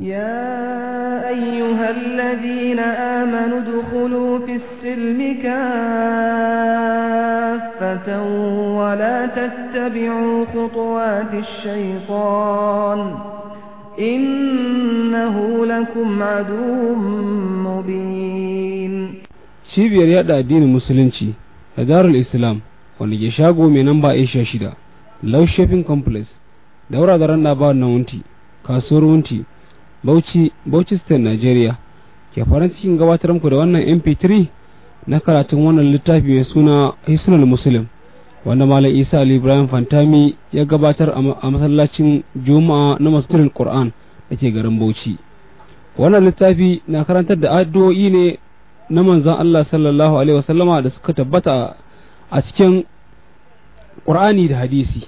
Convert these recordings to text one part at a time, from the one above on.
يا أيها الذين آمنوا ادخلوا في السلم كافة ولا تتبعوا خطوات الشيطان إنه لكم عدو مبين cibiyar yada addinin musulunci da darul islam wanda ke shago mai namba aisha shida love shopping complex daura da ran na ba wannan wunti kasuwar wunti Bauchi, Bauchi State, Nigeria. Ke farin cikin gabatar muku da wannan MP3 na karatun wannan littafi mai suna Hisnul Muslim, wanda Malam Isa Ali Ibrahim Fantami ya gabatar a masallacin Juma'a na Masjidil Qur'an da ke garin Bauchi. Wannan littafi na karantar da addu'o'i ne na manzon Allah sallallahu alaihi wasallama da suka tabbata a cikin Qur'ani da hadisi.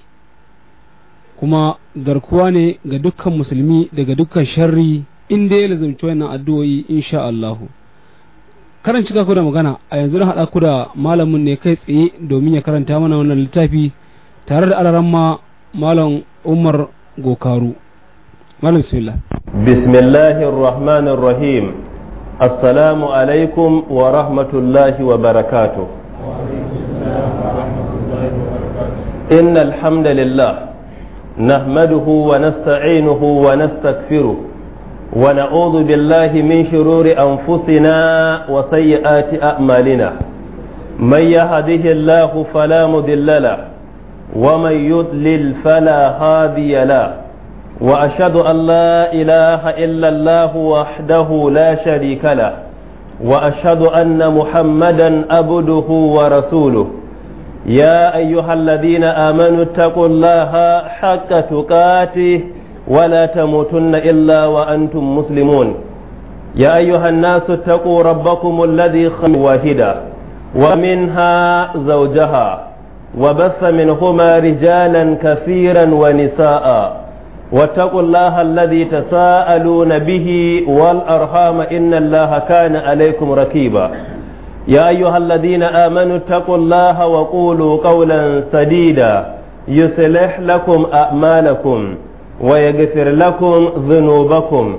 kuma garkuwa ne ga dukkan musulmi daga dukkan sharri in dai ya lazumci wannan addu'o'i insha Allah karan cika da magana a yanzu na haɗa ku da malamin ne kai tsaye domin ya karanta mana wannan littafi tare da alaran ma malam Umar Gokaru malam bismillah bismillahir rahmanir rahim assalamu alaikum wa rahmatullahi wa barakatuh إن الحمد نحمده ونستعينه ونستغفره ونعوذ بالله من شرور أنفسنا وسيئات أعمالنا من يهده الله فلا مضل له ومن يضلل فلا هادي له وأشهد أن لا إله إلا الله وحده لا شريك له وأشهد أن محمدا أبده ورسوله يا أيها الذين آمنوا اتقوا الله حق تقاته ولا تموتن إلا وأنتم مسلمون يا أيها الناس اتقوا ربكم الذي خلق واحدا ومنها زوجها وبث منهما رجالا كثيرا ونساء واتقوا الله الذي تساءلون به والأرحام إن الله كان عليكم ركيبا يا أيها الذين آمنوا اتقوا الله وقولوا قولا سديدا يصلح لكم أعمالكم ويغفر لكم ذنوبكم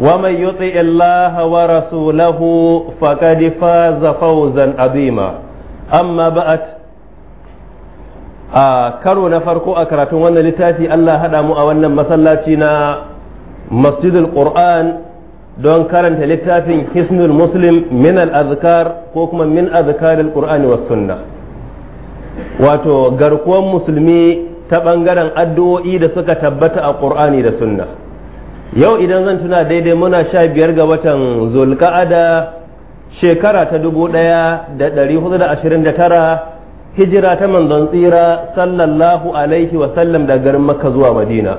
ومن يطع الله ورسوله فقد فاز فوزا عظيما أما بعد a karo na farko a karatun wannan littafi Allah haɗa mu a wannan masallaci na masjidul Qur'an don karanta littafin hisnul muslim min al’azikar ko kuma min azkar ƙur'ani qurani sunna wato garkuwan musulmi ta ɓangaren addu'o'i da suka tabbata a ƙur'ani da sunna yau idan zan tuna daidai muna sha biyar ga watan zulka'ada shekara ta dubu ɗaya da ɗari hudu da ashirin da tara hijira ta manzon tsira sallallahu alaihi wa sallam, da garin makka zuwa madina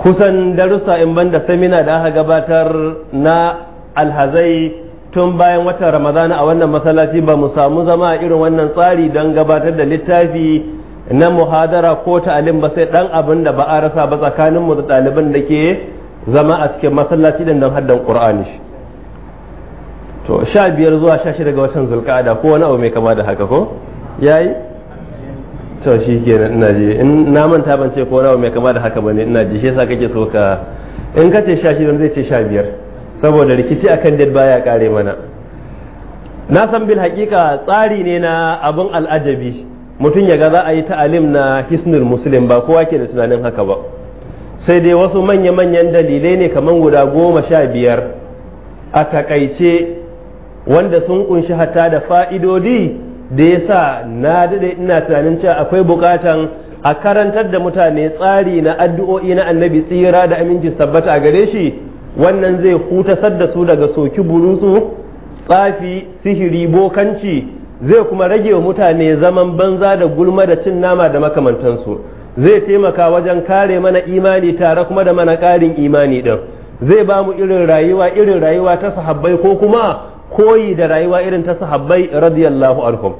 kusan darussa in banda samina da aka gabatar na alhazai tun bayan watan ramadana a wannan masallaci ba mu samu zama a irin wannan tsari don gabatar da littafi na muhadara ko ta'alim ba sai dan abin da ba a rasa ba tsakanin mu da ɗaliban da ke zama a cikin masallaci din don haddan qur'ani to sha biyar zuwa sha shida ga watan zulqa'ada ko wani abu mai kama da haka ko yayi to shi ina ji in na manta ban ce ko nawa mai kama da haka bane ina ji shi yasa kake so ka in ka ce shashi shi zai ce sha biyar saboda rikici akan dad baya kare mana na san bil hakika tsari ne na abun al'ajabi mutum ya ga za a yi ta'alim na hisnul muslim ba kowa ke da tunanin haka ba sai dai wasu manya-manyan dalilai ne kamar guda goma sha biyar a takaice wanda sun kunshi hatta da fa'idodi da ya sa na daɗe ina tunanin cewa akwai buƙatan a karantar da mutane tsari na addu'o'i na annabi tsira da aminci tabbata a gare shi wannan zai hutasar da su daga soki burusu tsafi sihiri bokanci zai kuma rage wa mutane zaman banza da gulma da cin nama da makamantansu zai taimaka wajen kare mana imani tare kuma da mana ƙarin imani ɗin zai ba mu irin rayuwa irin rayuwa ta sahabbai ko kuma koyi da rayuwa irin ta sahabbai radiyallahu anhum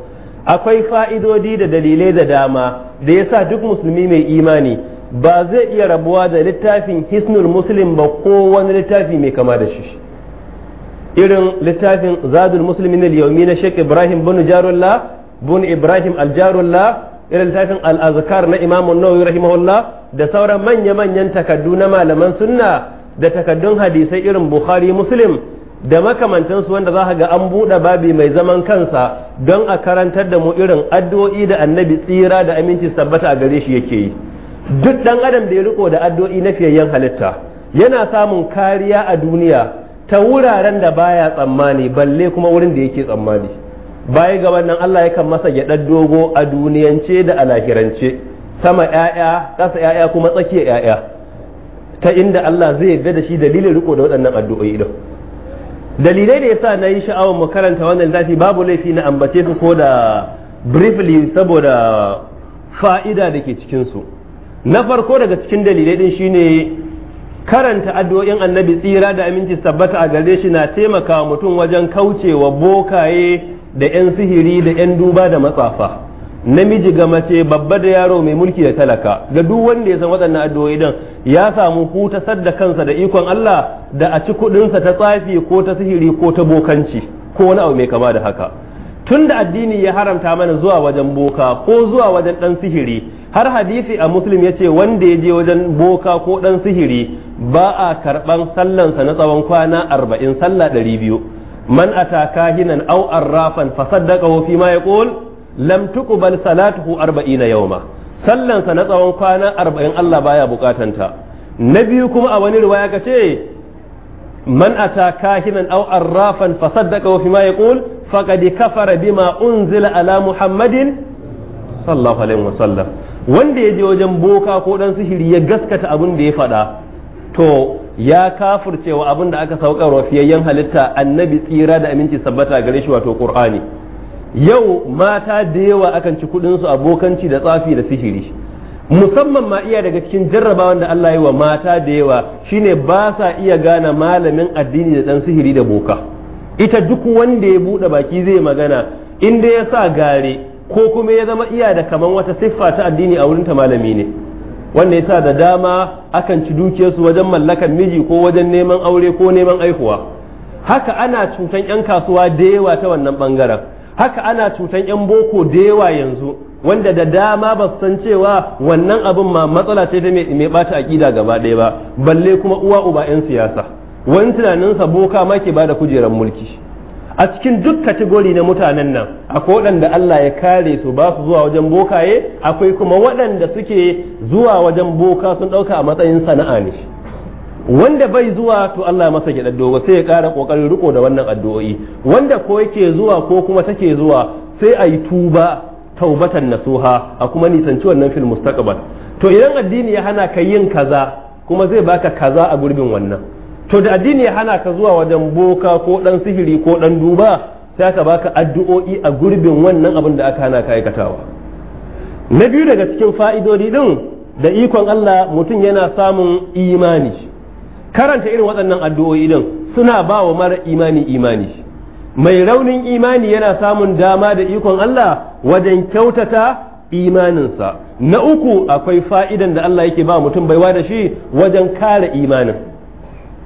akwai fa'idodi da dalilai da dama da yasa duk musulmi mai imani ba zai iya rabuwa da littafin hisnul muslim ba ko wani littafi mai kama da shi irin littafin zadul muslimin al-yawmi na Sheikh Ibrahim bin Jarullah bin Ibrahim al-Jarullah irin littafin al-azkar na Imam an-Nawawi rahimahullah da sauran manya-manyan takaddu na malaman sunna da takaddun hadisai irin Bukhari Muslim da makamantansu wanda za ga an buɗe babi mai zaman kansa don a karantar da mu irin addu'o'i da annabi tsira da aminci sabbata a gare shi yake yi duk ɗan adam da ya riko da addu'o'i na fiyayyen halitta yana samun kariya a duniya ta wuraren da baya tsammani balle kuma wurin da yake tsammani baya ga wannan Allah yakan masa gyaɗar dogo a duniyance da a sama ‘ya'ya ƙasa ‘ya'ya kuma tsakiyar ‘ya'ya ta inda Allah zai yarda da shi dalilin riko da waɗannan addu'o'i dalilai da yasa na yi sha'awar mu karanta wannan zafi babu laifi na ambace su ko da briefly saboda fa'ida da ke cikinsu na farko daga cikin dalilai din shine karanta addu'o'in annabi tsira da aminci tabbata a gare shi na taimaka mutum wajen kaucewa bokaye da 'yan sihiri da 'yan duba da matsafa namiji ga mace babba da yaro mai mulki da talaka ga duk wanda ya san waɗannan addu'o'i din ya samu hutasar da kansa da ikon Allah da a ci kuɗinsa ta tsafi ko ta sihiri ko ta bokanci ko wani abu mai kama da haka tunda addini ya haramta mana zuwa wajen boka ko zuwa wajen dan sihiri har hadisi a muslim ya ce wanda ya je wajen boka ko dan sihiri ba a karɓan sallansa na tsawon kwana arba'in sallah ɗari biyu man ataka hinan au arrafan fasaddaqahu fi ma yaqul lam tuqbal salatuhu 40 yawma sa na tsawon kwana 40 Allah baya bukatanta na biyu kuma a wani riwaya kace man ata kahinan aw arrafan fa saddaqa wa ma yaqul faqad kafara bima unzila ala muhammadin sallallahu alaihi wasallam wanda ya je wajen boka ko dan sihiri ya gaskata abun da ya faɗa to ya kafircewa abin da aka saukarwa fiyayyen halitta annabi tsira da aminci sabbata gare shi wato qur'ani yau mata da yawa akan ci kudin su abokanci da tsafi da sihiri musamman ma iya daga cikin jarrabawan da Allah yi wa mata da yawa shine ba sa iya gane malamin addini da dan sihiri da boka ita duk wanda ya bude baki zai magana inda ya sa gare ko kuma ya zama iya da kaman wata siffa ta addini a wurin ta malami ne wanda ya sa da dama akan ci dukiyarsu wajen mallakan miji ko wajen neman aure ko neman aihuwa haka ana cutan 'yan kasuwa da yawa ta wannan bangaren haka ana cutan yan boko da yawa yanzu wanda da dama ba san cewa wannan abin ma matsala ce ta mai bata aƙida gaba ɗaya ba balle kuma uwa uba 'yan siyasa wani tunaninsa boka ma ke bada kujerar mulki a cikin duk kategori na mutanen nan akwai waɗanda Allah ya kare su ba su zuwa wajen bokaye akwai kuma waɗanda suke zuwa wajen boka sun ɗauka a matsayin sana'a ne wanda bai zuwa to Allah masa gyaɗar dogo sai ya kara ƙoƙarin riko da wannan addu'o'i wanda ko yake zuwa ko kuma take zuwa sai a yi tuba taubatan nasuha a kuma nisanci wannan fil mustaqbal to idan addini ya hana ka yin kaza kuma zai baka kaza a gurbin wannan to da addini ya hana ka zuwa wajen boka ko dan sihiri ko dan duba sai aka baka addu'o'i a gurbin wannan abin da aka hana ka aikatawa na biyu daga cikin fa'idodi din da ikon Allah mutum yana samun imani karanta irin waɗannan addu'o'i din suna ba wa mara imani imani mai raunin imani yana samun dama da ikon Allah wajen kyautata imaninsa na uku akwai fa'idan da Allah yake ba mutum baiwa da shi wajen kare imanin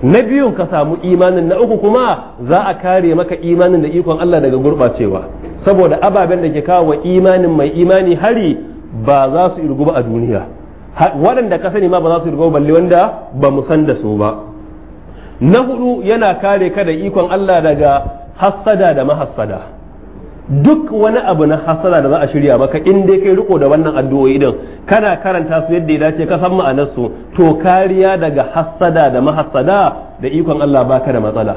na biyun ka samu imanin na uku kuma za a kare maka imanin da ikon Allah daga gurɓacewa saboda ababen da ke kawo imanin mai imani hari ba za su irgu ba a duniya waɗanda ka sani ma ba za su rigo balle wanda ba mu san da su ba na hudu yana kare ka da ikon Allah daga hassada da mahassada duk wani abu na hassada da za a shirya maka in dai kai riko da wannan addu'o'i din kana karanta su yadda ya dace ka san ma'anar su to kariya daga hassada da mahassada da ikon Allah baka da matsala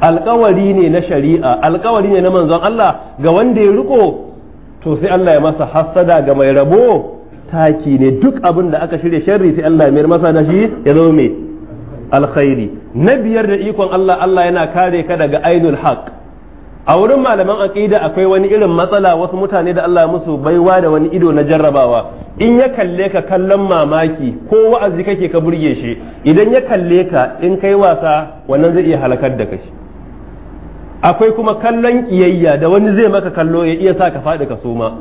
alkawari ne na shari'a alkawari ne na manzon Allah ga wanda ya riko to sai Allah ya masa hassada ga mai rabo taki ne duk abin da aka shirya sharri sai Allah mai masa da shi ya zo mai alkhairi na biyar da ikon Allah Allah yana kare ka daga ainul haq a wurin malaman aqida akwai wani irin matsala wasu mutane da Allah musu baiwa da wani ido na jarrabawa in ya kalle ka kallon mamaki ko wa'azi kake ka burge shi idan ya kalle ka in kai wasa wannan zai iya halakar da kai akwai kuma kallon kiyayya da wani zai maka kallo ya iya sa ka faɗi ka soma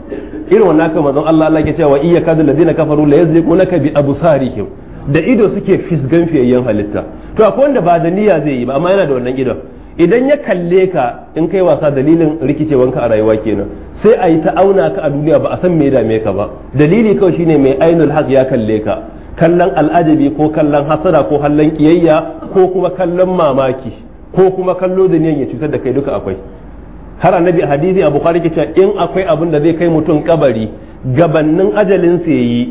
irin wannan haka manzon Allah Allah ke cewa wa iya kadu ladina kafaru la ka bi absarihim da ido suke fisgan fiyayyen halitta to akwai wanda ba da niyya zai yi ba amma yana da wannan idon idan ya kalle ka in kai wasa dalilin rikicewanka a rayuwa kenan sai a yi ta auna ka a duniya ba a san me dame ka ba dalili kawai shine mai ainul haq ya kalle ka kallon al'ajabi ko kallon hasara ko kallon kiyayya ko kuma kallon mamaki ko kuma kallo da niyan ya cutar da kai duka akwai har annabi a hadisi a bukhari ke cewa in akwai abin da zai kai mutum kabari gabannin ajalin sa yayi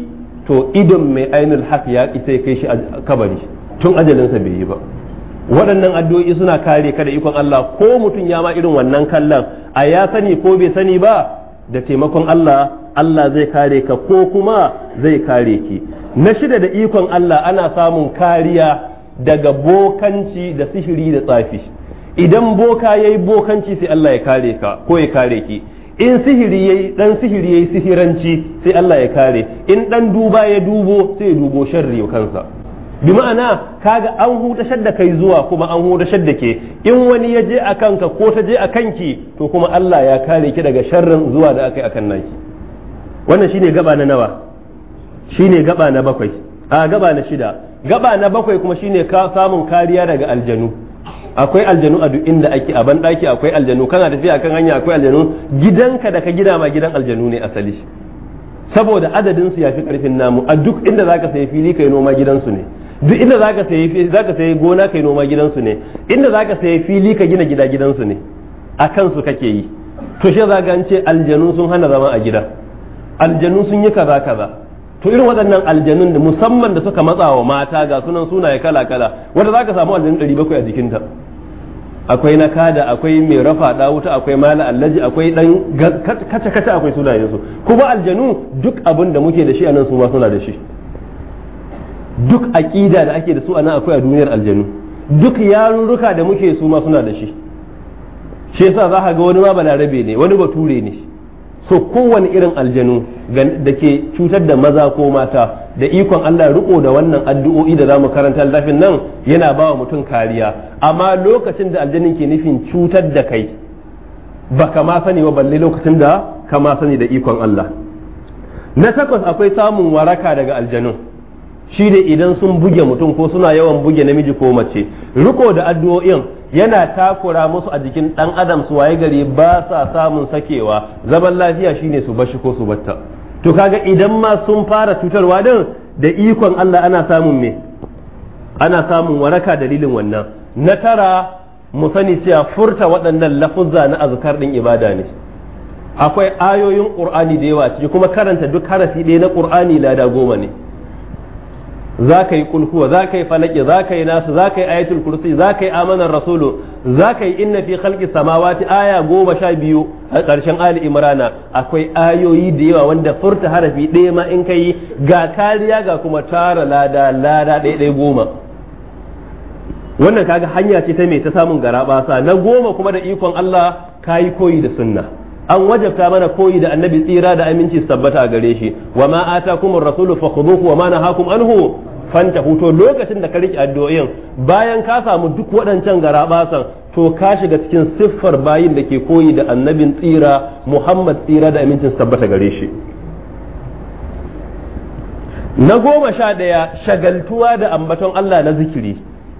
to idon mai ainul haq ya ita ya kai shi kabari tun ajalin sa bai yi ba waɗannan addu'o'i suna kare ka da ikon Allah ko mutum ya ma irin wannan kallon a ya sani ko bai sani ba da taimakon Allah Allah zai kare ka ko kuma zai kare ki na shida da ikon Allah ana samun kariya daga bokanci da sihiri da tsafi idan boka yayi bokanci sai Allah ya kare ka ko ya kare ki in sihiri yayi dan sihiri yayi sihiranci sai Allah ya kare in dan duba ya dubo sai ya dubo sharri kansa bi ma'ana kaga an huta da kai zuwa kuma an huta da ke in wani ya je a kanka ko ta je a kanki to kuma Allah ya kare ki daga sharrin zuwa da aka yi akan naki wannan shine gaba na nawa shine gaba na bakwai a gaba na shida gaba na bakwai kuma shine ka samun kariya daga aljanu akwai aljanu a duk inda ake a ban daki akwai aljanu kana tafiya kan hanya akwai aljanu gidanka da ka gida ma gidan aljanu ne asali saboda adadin su yafi karfin namu a duk inda zaka sayi fili kai noma gidansu ne duk inda zaka sayi zaka sayi gona kai noma gidansu ne inda zaka sayi fili ka gina gida gidansu ne a kansu kake yi to shi zaka ce aljanu sun hana zama a gida aljanu sun yi kaza kaza to irin waɗannan aljanun da musamman da suka matsa wa mata ga sunan sunaye kala kala wanda zaka samu ɗari bakwai a jikinta akwai na kada akwai mai rafa da wuta akwai mala allaji akwai dan kace kace akwai sunayen su kuma aljanu duk abin da muke da shi anan su ma suna da shi duk aqida da ake da su anan akwai a duniyar aljanu duk yarurruka da muke su ma suna da shi shi yasa za ka ga wani ma balarabe ne wani bature ne so kowane irin aljanu da ke cutar da maza ko mata da ikon Allah riko da wannan addu'o'i da zamu karanta lafin nan yana bawa mutum kariya amma lokacin da aljanin ke nufin cutar da kai baka ma sani ba balle lokacin da ka ma sani da ikon Allah na takwas akwai samun waraka daga aljanu shi da idan sun buge mutum ko suna yawan buge namiji ko mace riko da addu'o'in yana takura musu a jikin ɗan adam su waye gari ba sa samun sakewa zaman lafiya shine su bashi ko su batta to kaga idan ma sun fara cutarwa din da ikon Allah ana samun me ana samun waraka dalilin wannan na tara mu sani cewa furta waɗannan lafuzza na azkar din ibada ne akwai ayoyin qur'ani da yawa ciki kuma karanta duk harafi ɗaya na qur'ani lada goma ne za ka yi kulhuwa za ka yi falaki za ka yi nasu za ka yi ayatul kursi za ka yi amanar rasulu za ka yi inna fi khalqi samawati aya goma sha biyu a ƙarshen ali imrana akwai ayoyi da yawa wanda furta harafi ɗaya ma in ka yi ga kariya ga kuma tara lada lada ɗaya ɗaya goma wannan kaga hanya ce ta mai ta samun garaɓasa na goma kuma da ikon Allah ka yi koyi da sunna an wajabta mana koyi da annabi tsira da aminci sabbata a gare shi wa ma atakumur rasulu fakhuduhu wa ma nahakum anhu fanta to lokacin da ka rike addu'o'in bayan ka samu duk waɗancan garabasan to ka shiga cikin siffar bayin da ke koyi da annabin tsira Muhammad tsira da amincin sabbata gare shi na goma sha ɗaya shagaltuwa da ambaton Allah na zikiri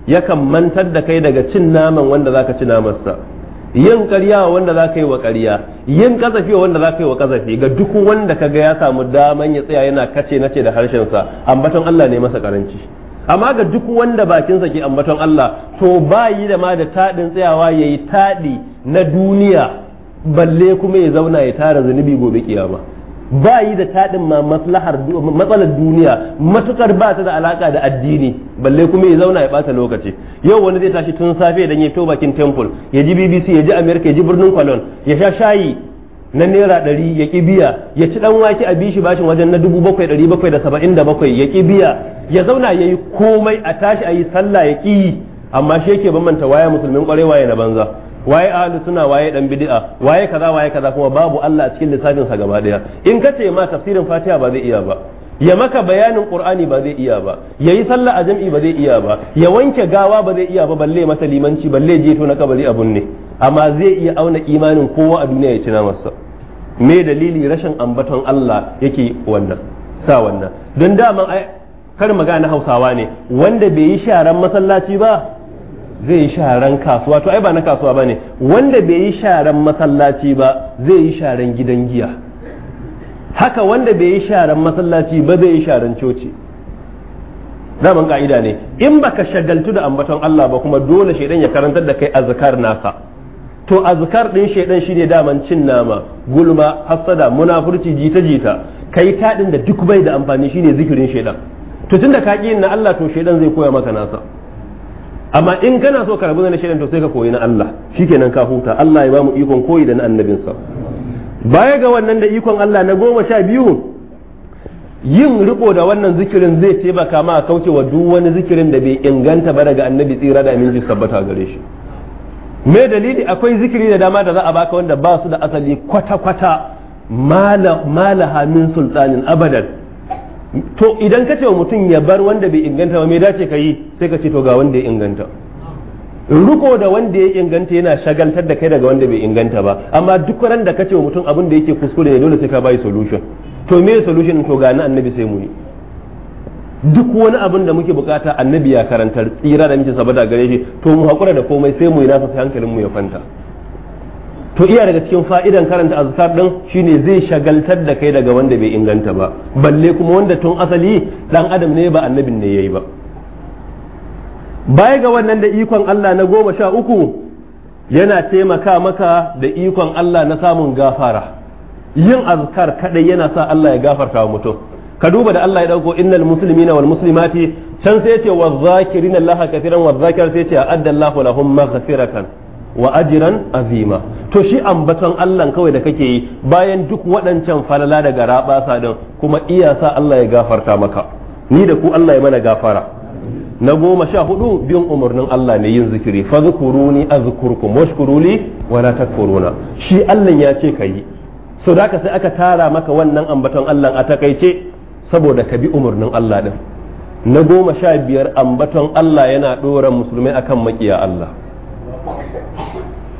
yakan mantar da kai daga cin naman wanda zaka ci namansa yin ƙarya wanda za ka yi wa ƙarya yin kazafi wanda za ka yi wa kazafi ga duk wanda ka ga ya samu daman ya tsaya yana kace nace da harshensa ambaton Allah ne masa karanci amma ga duk wanda bakinsa ke ambaton Allah to ba yi da ma da taɗin tsayawa ya yi taɗi na duniya balle kuma ya zauna ya tara zunubi gobe kiyama ba yi da taɗin ma matsalar duniya matukar ba ta da alaka da addini balle kuma ya zauna ya bata lokaci yau wani zai tashi tun safe dan ya fito bakin temple ya ji BBC ya ji America ya ji birnin kwalon ya sha shayi na naira ɗari ya ƙi biya ya ci ɗan wake a bishi bashin wajen na dubu bakwai ɗari bakwai da saba'in da bakwai ya ƙi biya ya zauna ya yi komai a tashi a yi sallah ya ƙi amma shi yake bambanta waya musulmin ƙwarewa ya na banza waye ahlus suna waye dan bid'a waye kaza waye kaza kuma babu Allah a cikin lissafin sa gaba daya in ka ce ma tafsirin Fatiha ba zai iya ba ya maka bayanin Qur'ani ba zai iya ba yayi sallah a jam'i ba zai iya ba ya wanke gawa ba zai iya ba balle masa limanci balle to na kabari abun ne amma zai iya auna imanin kowa a duniya ya ci masa me dalili rashin ambaton Allah yake wannan sa wannan don daman kar magana hausawa ne wanda bai yi sharan masallaci ba zai yi sharan kasuwa to ai ba na kasuwa ne wanda bai yi sharan masallaci ba zai yi sharan gidan giya haka wanda bai yi sharan masallaci ba zai yi sharan coci daman ka'ida ne in baka shagaltu da ambaton Allah ba kuma dole shaidan ya karantar da kai azkar nasa to azkar din shaidan shine daman cin nama gulma hassada munafurci jita jita kai taɗin da duk bai da amfani shine zikirin shaidan to tunda ka na Allah to shaidan zai koya maka nasa amma in kana so ka rabu da shaidan to sai ka koyi na Allah shikenan ka huta Allah ya bamu ikon koyi da na annabinsa baya ga wannan da ikon Allah na goma sha biyu yin riko da wannan zikirin zai taimaka ma a wa duk wani zikirin da bai inganta ba daga annabi tsira da aminci sabbata gare shi me dalili akwai zikiri da dama da za a baka wanda ba su da asali kwata-kwata malaha min sultanin abadan to idan ka ce wa mutum ya bar wanda bai inganta ba me dace ka yi sai ka ce to ga wanda ya inganta ruko da wanda ya inganta yana shagaltar da kai daga wanda bai inganta ba amma duk ran da ka ce wa mutum abin yake kuskure ne dole sai ka bai solution to me solution to ga na annabi sai mu duk wani abin da muke bukata annabi ya karantar tsira da muke saboda gare shi to mu hakura da komai sai mu yi nasa sai hankalin mu ya kwanta to iya daga cikin fa'idan karanta azkar din shine zai shagaltar da kai daga wanda bai inganta ba balle kuma wanda tun asali dan adam ne ba annabin ne yayi ba baya ga wannan da ikon Allah na goma sha uku yana taimaka maka da ikon Allah na samun gafara yin azkar kadai yana sa Allah ya gafarta wa mutum ka duba da Allah ya dauko innal muslimina wal muslimati can sai ya ce wa zakirin Allah katiran wa zakir sai ya ce a'adda lahum maghfiratan wa ajiran azima to shi ambaton Allah kawai da kake yi bayan duk waɗancan falala daga sa din kuma iya sa Allah ya gafarta maka ni da ku Allah ya mana gafara na goma sha hudu biyun umarnin Allah ne yin zikiri fa zukuruni azkurkum washkuruli wala takfuruna shi Allah ya ce kayi so da sai aka tara maka wannan ambaton Allah a takaice saboda ka bi umarnin Allah din na goma sha biyar ambaton Allah yana dora musulmai akan makiya Allah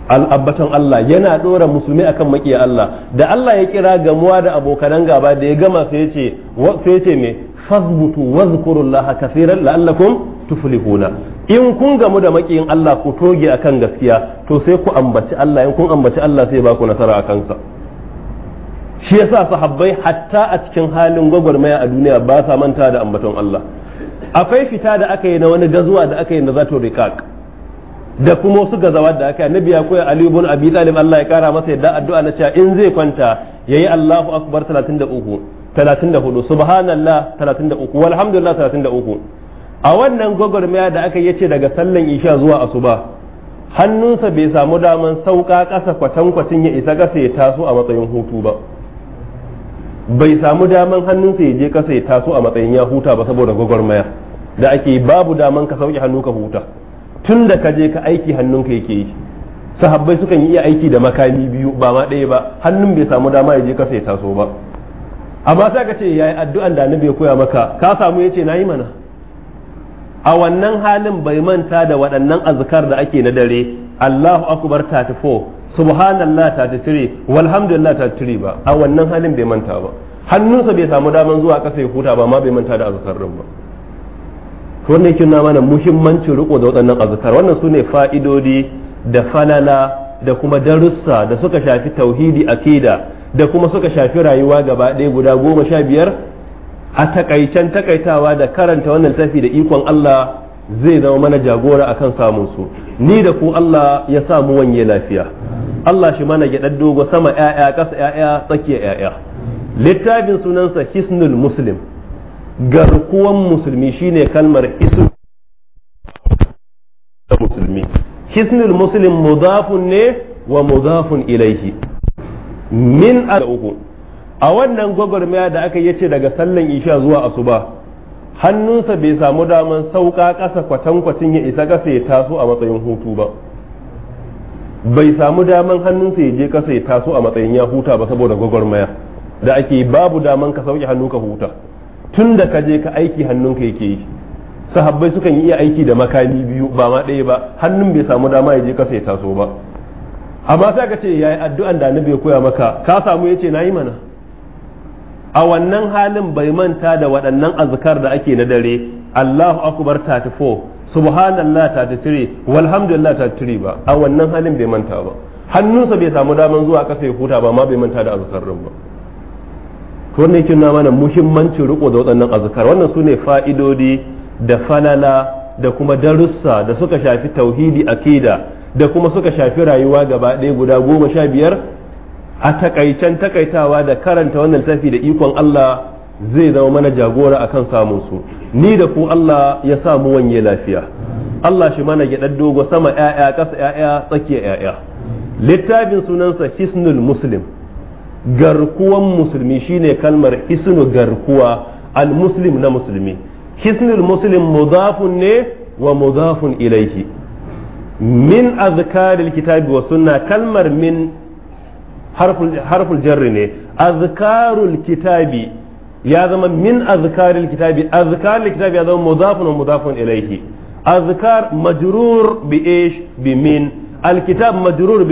al'abbatan Allah yana dora musulmi akan makiya Allah da Allah ya kira gamuwa da abokanan gaba da ya gama sai ya ce sai ya ce me fazbutu wazkurullaha kaseeran la'allakum tuflihuna in kun gamu da makiyin Allah ku toge akan gaskiya to sai ku ambaci Allah in kun ambaci Allah sai ba ku nasara a kansa shi yasa sahabbai hatta a cikin halin gwagwarmaya a duniya ba sa manta da ambaton Allah akwai fita da aka yi na wani gazuwa da aka yi na zato da kuma wasu gazawa da aka na ya koya Ali ibn Abi Talib Allah ya kara masa yadda addu'a na cewa in zai kwanta yayi Allahu akbar 33 34 subhanallah 33 walhamdulillah 33 a wannan gwagwarmaya da aka yace daga sallan isha zuwa asuba hannunsa bai samu daman sauka ƙasa kwatankwacin ya isa kasa ya taso a matsayin hutu ba bai samu daman hannunsa ya je kasa ya taso a matsayin ya huta ba saboda gwagwarmaya da ake babu daman ka sauke hannu ka huta tun da ka je ka aiki hannunka yake yi sahabbai sukan yi iya aiki da makami biyu ba ma ɗaya ba hannun bai samu dama ya je ka ya taso ba amma sai ka ce yayi addu'an da annabi ya koya maka ka samu yace nayi mana a wannan halin bai manta da waɗannan azkar da ake na dare Allahu akbar 34 subhanallah 33 walhamdulillah 33 ba a wannan halin bai manta ba hannunsa bai samu daman zuwa kasa ya huta ba ma bai manta da azkarin ba to wannan yake nuna mana muhimmancin riko da waɗannan azkar wannan sune fa'idodi da falala da kuma darussa da suka shafi tauhidi akida da kuma suka shafi rayuwa gaba ɗaya guda goma sha biyar a takaicen takaitawa da karanta wannan tafi da ikon Allah zai zama mana jagora akan samun su ni da ku Allah ya samu wanye lafiya Allah shi mana gyaɗar dogo sama 'ya'ya ƙasa 'ya'ya tsakiya 'ya'ya littafin sunansa hisnul muslim garkuwan musulmi shine kalmar isu musulmi hisnul muslim mudafun ne wa mudafun ilaihi min uku a wannan gwagwarmaya da aka yi ce daga sallan isha zuwa asuba hannunsa bai samu daman sauka ƙasa kwatankwacin ya isa kasa ya taso a matsayin hutu ba bai samu daman hannunsa ya je kasa ya taso a matsayin ya huta ba saboda gwagwarmaya da ake babu daman ka sauke hannu ka huta tun da ka je ka aiki hannunka yake yi sahabbai sukan yi iya aiki da makami biyu ba ma ɗaya ba hannun bai samu dama ya je kasa ya taso ba amma sai ka ce yayi addu'an da annabi ya koya maka ka samu ya ce na yi mana a wannan halin bai manta da waɗannan azkar da ake na dare Allahu akbar 34 subhanallah 33 walhamdulillah 33 ba a wannan halin bai manta ba hannunsa bai samu daman zuwa kasa ya huta ba ma bai manta da azkar din ba to wannan yake nuna mana muhimmancin riko da waɗannan azkar wannan sune fa'idodi da falala da kuma darussa da suka shafi tauhidi akida da kuma suka shafi rayuwa gaba ɗaya guda goma sha biyar a takaicen takaitawa da karanta wannan littafi da ikon Allah zai zama mana jagora akan samun su ni da ku Allah ya sa mu wanye lafiya Allah shi mana gyaɗar dogo sama 'ya'ya ƙasa 'ya'ya tsakiya 'ya'ya littafin sunansa hisnul muslim garkuwan musulmi shine kalmar hisnu garkuwa almuslim na musulmi hisnul muslim mudafun ne wa mudafun ilaihi min azkaril kitabi wa sunna kalmar min harful jarri ne azkarul kitabi ya zama min azkaril kitabi azkaril kitabi ya zama mudafun wa mudafun ilaihi azkar majrur bi ish bi min bil مجرور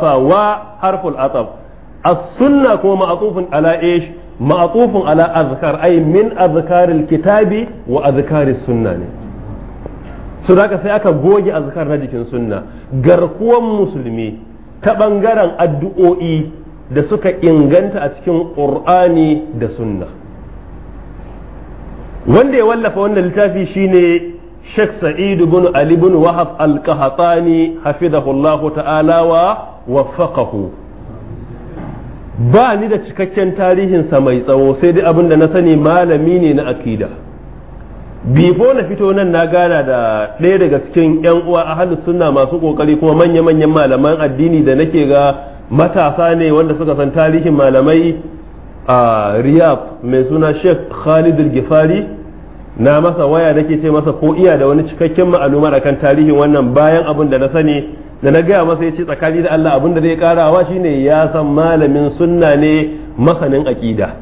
wa وحرف ataf? as-sunna kuma ma'tufun ala ish ala azkar ay min azkaril kitabi wa azkaris sunna ne su da sai aka goge azkar na jikin sunna garkuwan musulmi ta ɓangaren addu'o'i da suka inganta a cikin qur'ani da sunna wanda ya wallafa wannan littafi shine Sheikh sa'idu ibn Ali ibn Wahab al-Qahtani hafidhahu Allah ta'ala wa waffaqahu ba ni da cikakken tarihinsa mai tsawo sai dai abin da na sani malami ne na akida bifo na fito nan na gana da ɗaya daga cikin 'yan uwa a sunna masu ƙoƙari kuma manya-manyan malaman addini da nake ga matasa ne wanda suka san tarihin malamai a riyab mai suna sheikh khalid gifari na masa waya nake ce masa ko iya da wani cikakken ma'alumar akan tarihin wannan bayan abin da na sani da na gaya masa ya ce tsakani da Allah abin da zai karawa shine ya san malamin sunna ne masanin aƙida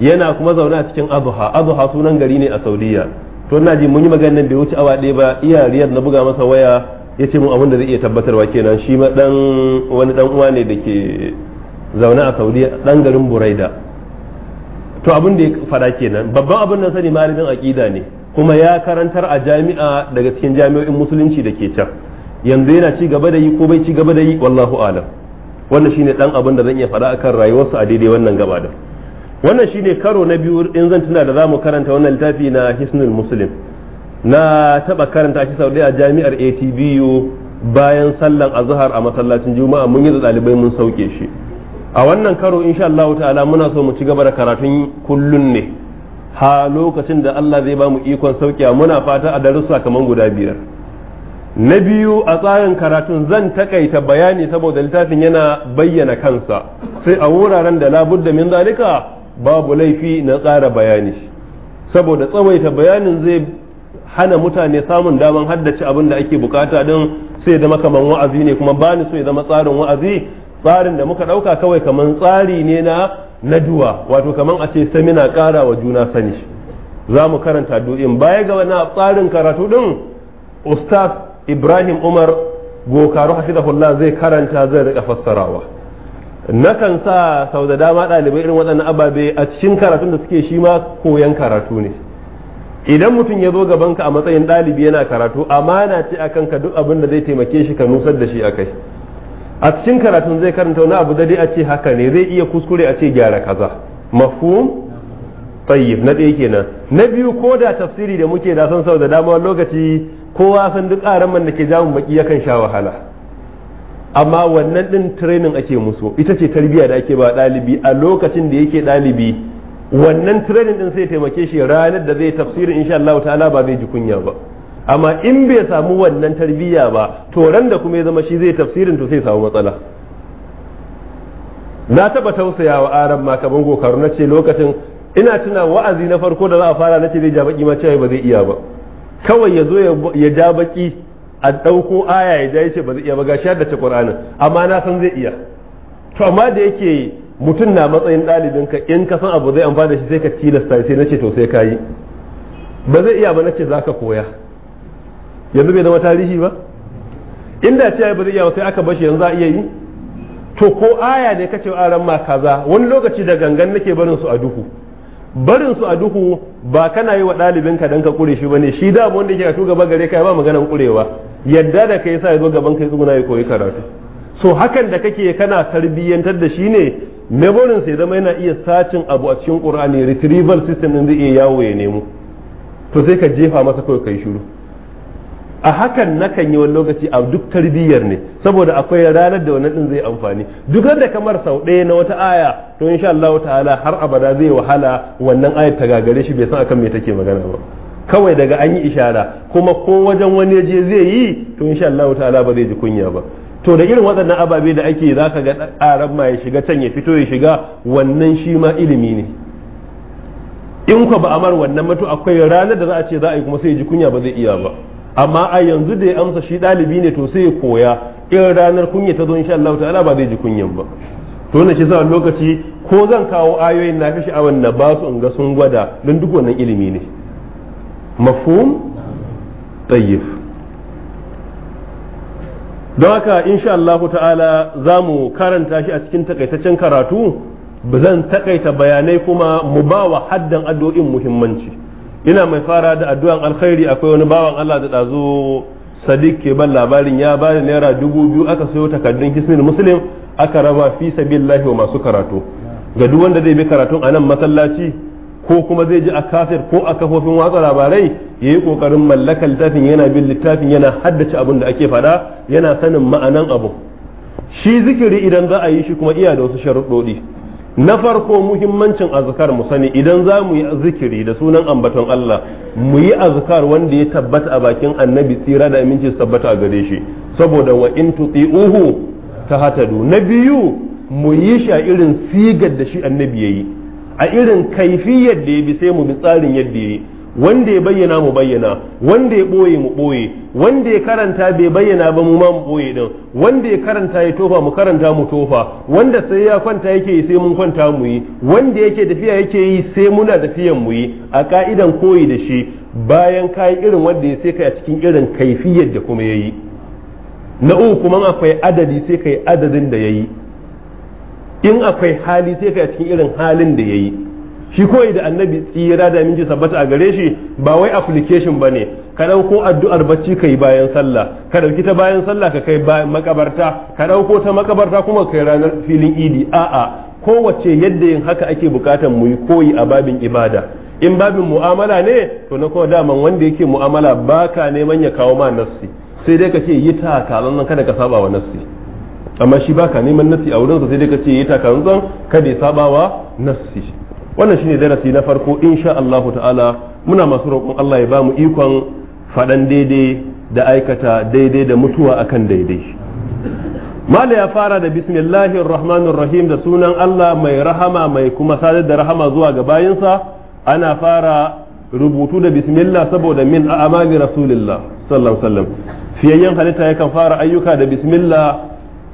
yana kuma zaune a cikin abuha abuha sunan gari ne a saudiya to na ji mun yi maganar bai wuce awa ɗaya ba iya riyar na buga masa waya ya ce mun abinda zai iya tabbatarwa kenan shi ma dan wani dan uwa ne da ke zaune a saudiya dan garin buraida to abin da ya fada kenan babban abin nan sani malamin aƙida ne kuma ya karantar a jami'a daga cikin jami'o'in musulunci da ke can yanzu yana ci gaba da yi ko bai ci gaba da yi wallahu alam wannan shine dan abin da zan iya faɗa akan rayuwarsa a daidai wannan gaba da wannan shine karo na biyu in zan tuna da zamu karanta wannan littafi na hisnul muslim na taba karanta shi sau a jami'ar ATBU bayan sallan azhar a masallacin juma'a mun yi da ɗalibai mun sauke shi a wannan karo insha Allah ta'ala muna so mu ci gaba da karatun kullun ne ha lokacin da Allah zai ba mu ikon sauke muna fata a darussa kaman guda biyar na biyu a tsarin karatun zan takaita bayani saboda littafin yana bayyana kansa sai a wuraren da labudda min zalika babu laifi na tsara bayani saboda tsawaita bayanin zai hana mutane samun damar haddace abin da ake bukata don sai zama kaman wa'azi ne kuma ba ni so ya zama tsarin wa'azi tsarin da muka dauka kawai kamar tsari ne na naduwa wato kamar a ce samina kara wa juna sani za mu karanta du'in baya ga wani tsarin karatu din ustaz ibrahim umar gokaru hafizahullah zai karanta zai rika fassarawa nakan sa sau da dama ɗalibai irin waɗannan ababe a cikin karatun da suke shi ma koyan karatu ne idan mutum ya zo gabanka a matsayin ɗalibi yana karatu amana ce akan ka duk abin da zai taimake shi ka nusar da shi a kai a cikin karatun zai karanta wani abu da dai a ce haka ne zai iya kuskure a ce gyara kaza mafhum tayyib na ɗaya kenan na biyu ko da tafsiri da muke da san sau da dama lokaci kowa san duk man da ke jamun baki yakan sha wahala amma wannan din training ake musu ita ce tarbiyya da ake ba ɗalibi a lokacin da yake ɗalibi wannan training din sai taimake shi ranar da zai tafsirin insha Allah ta'ala ba zai ji kunya ba amma in bai samu wannan tarbiyya ba to ran da kuma ya zama shi zai tafsirin to sai samu matsala na taba tausaya wa aran ma kaman gokaru na ce lokacin ina tuna wa'azi na farko da za a fara na ce zai ja baki ma cewa ba zai iya ba kawai ya zo ya ja baki a ɗauko aya ya ja ya ce ba zai iya ba gashi da ce Qur'anin amma na san zai iya to amma da yake mutum na matsayin ɗalibin ka in ka san abu zai amfana da shi sai ka tilasta sai na ce to sai ka yi ba zai iya ba na ce za ka koya yanzu bai zama tarihi ba inda ce ba zai iya ba sai aka bashi yanzu za a iya yi to ko aya ne kace aran ma kaza wani lokaci da gangan nake barin su a duhu barin su a duhu ba kana yi wa ɗalibinka dan ka kure shi ne shi da wanda yake karatu gaba gare ka ba maganan kurewa yadda da kai sa ya zo gaban kai tsuguna ya koyi karatu so hakan da kake kana tarbiyyantar da shi ne memorin sai zama yana iya sacin abu a cikin qur'ani retrieval system din zai iya yawo ya nemo to sai ka jefa masa kawai yi shiru a hakan nakan yi wani lokaci a duk tarbiyyar ne saboda akwai ranar da wannan din zai amfani duk da kamar sau ɗaya na wata aya to insha Allah ta'ala har abada zai wahala wannan ayar ta gagare shi bai san akan me take magana ba kawai daga an yi ishara kuma ko wajen wani je zai yi to insha Allah ta'ala ba zai ji kunya ba to da irin waɗannan ababe da ake za ga arab ma ya shiga can ya fito ya shiga wannan shi ma ilimi ne in ku ba amar wannan mutu akwai ranar da za a ce za a yi kuma sai ji kunya ba zai iya ba amma a yanzu da ya amsa shi ɗalibi ne to sai ya koya in ranar kunya ta zo insha Allah ta'ala ba zai ji kunyan ba to wannan shi sa lokaci ko zan kawo ayoyin na fi sha'awar na ba su in ga sun gwada don duk wannan ilimi ne mafhum tayyib don haka insha Allah ta'ala za mu karanta shi a cikin takaitaccen karatu zan takaita bayanai kuma mu ba wa haddan addu'o'in muhimmanci ina mai fara da addu'an alkhairi akwai wani bawan Allah da ɗazu sadiq ke ban labarin ya ba da naira dubu biyu aka sayo takardun kismin muslim aka raba fi sabilillahi wa masu karatu ga duk wanda zai bi karatun a nan masallaci ko kuma zai ji a kafir ko a kafofin watsa labarai ya yi kokarin mallakar littafin yana bin littafin yana haddace abin da ake faɗa yana sanin ma'anan abu shi zikiri idan za a yi shi kuma iya da wasu sharuɗoɗi na farko muhimmancin azkar mu sani idan za mu yi zikiri da sunan ambaton Allah mu yi azkar wanda ya tabbata a bakin annabi tsira da aminci su tabbata a gare shi saboda wa in tuti'uhu hatadu na biyu mu yi shi a irin sigar da shi annabi ya yi, a irin kaifiyar da ya bi sai mu bi tsarin yadda ya yi. wanda ya bayyana mu bayyana wanda ya boye mu boye wanda ya karanta bai bayyana ba mu ma mu boye din wanda ya karanta ya tofa mu karanta mu tofa wanda sai ya kwanta yake yi sai mun kwanta mu yi wanda yake tafiya yake yi sai muna tafiyan mu yi a ka'idan koyi da shi bayan kai irin wanda ya sai kai a cikin irin kaifiyar da kuma yayi na uku kuma akwai adadi sai kai adadin da yayi in akwai hali sai kai a cikin irin halin da yayi shi koyi da annabi tsira da minji sabbata a gare shi ba wai application ba ne ka ɗauko addu'ar bacci ka yi bayan sallah ka ɗauki ta bayan sallah ka kai makabarta ka ɗauko ta makabarta kuma kai ranar filin idi a'a kowace yadda yin haka ake bukatar mu yi koyi a babin ibada in babin mu'amala ne to na kuma daman wanda yake mu'amala baka neman ya kawo ma nassi sai dai ka ce yi nan kada ka saba wa nassi amma shi baka neman nassi a wurin sa sai dai ka ce yi takalan kada ya saba wa nassi wannan shine darasi na farko insha Allahu ta'ala muna masu roƙon Allah ya ba mu ikon faɗan daidai da aikata daidai da mutuwa akan daidai mala ya fara da bismillahir rahmanir rahim da sunan Allah mai rahama mai kuma sadar da rahama zuwa ga bayinsa ana fara rubutu da bismillah saboda min amali rasulillah sallallahu alaihi wasallam fiyayyen halitta yakan fara ayyuka da bismillah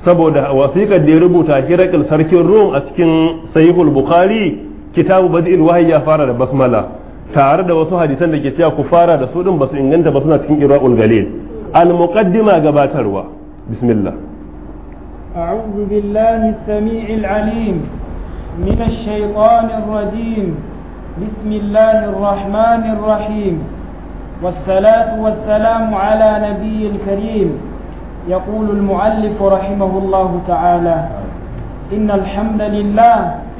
saboda wasiƙar da ya rubuta hirakil sarkin rum a cikin sahihul bukhari kitabu badi'il wahayi ya fara da basmala tare da wasu hadisan da ke cewa ku fara da su din basu inganta ba suna cikin irwaul galil al muqaddima gabatarwa bismillah a'udhu billahi samii'il alim min ash-shaytanir rajim bismillahir rahmanir rahim والصلاة والسلام على نبي الكريم يقول المؤلف رحمه الله تعالى إن الحمد لله